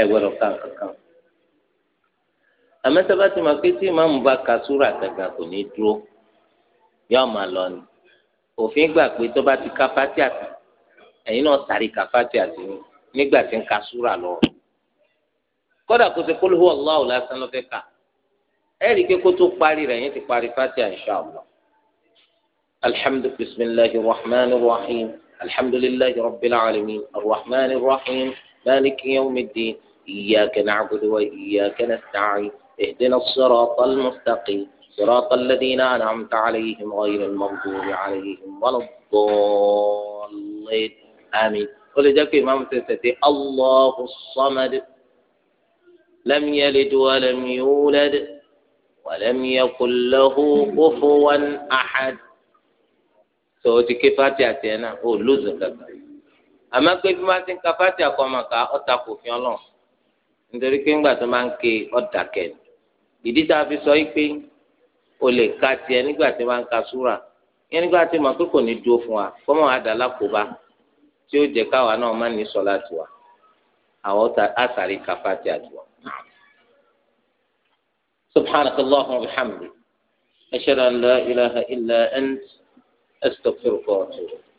ẹ gbọ́dọ̀ ká kankan àmọ́tẹ́bá ti mọ̀ pé tí ìmáàmù bá ka súrà kankan kò ní dúró yóò máa lọ ni òfin gbà pé tó bá ti ka fati àti ẹ̀yin náà sáré ka fati àti nígbà tí ń ka súrà lọ kódà kó ti kólóhó ọláwò lásán ló fẹ́ kà ẹ rí i pé kó tó parí rẹ̀ yín ti parí fati insha Allah alhamdu bisimilahi rahman rahim alhamdulilahi rabbil alamin rahman rahim. مالك يوم الدين إياك نعبد وإياك نستعين اهدنا الصراط المستقيم صراط الذين أنعمت عليهم غير المغضوب عليهم ولا الضالين آمين ولذلك إمام تستطيع الله الصمد لم يلد ولم يولد ولم يكن له كفوا أحد سوتي كفاتي أتينا هو لوزك. àmọ́ pé bí wọ́n ti ń ka fati àkọ́mọ̀ká ọ̀tà kò fi ọlọ́run nítorí pé ńgbà tó máa ń ke ọ̀dà kẹ́ni ìdí tá a fi sọ yìí pé o lè ka tiẹ̀ nígbà tí wọ́n ka súra yẹn nígbà tí mo pé kò ní dúró fún wa kọ́mọ̀ àdàlà kò bá tí ó jẹ́ káwa náà má ní sọ láti wà àwọn àtàrí ka fati àtiwà. سبحانك اللهم وبحمدك أشهد أن لا إله إلا أنت أستغفرك وأتوب إليك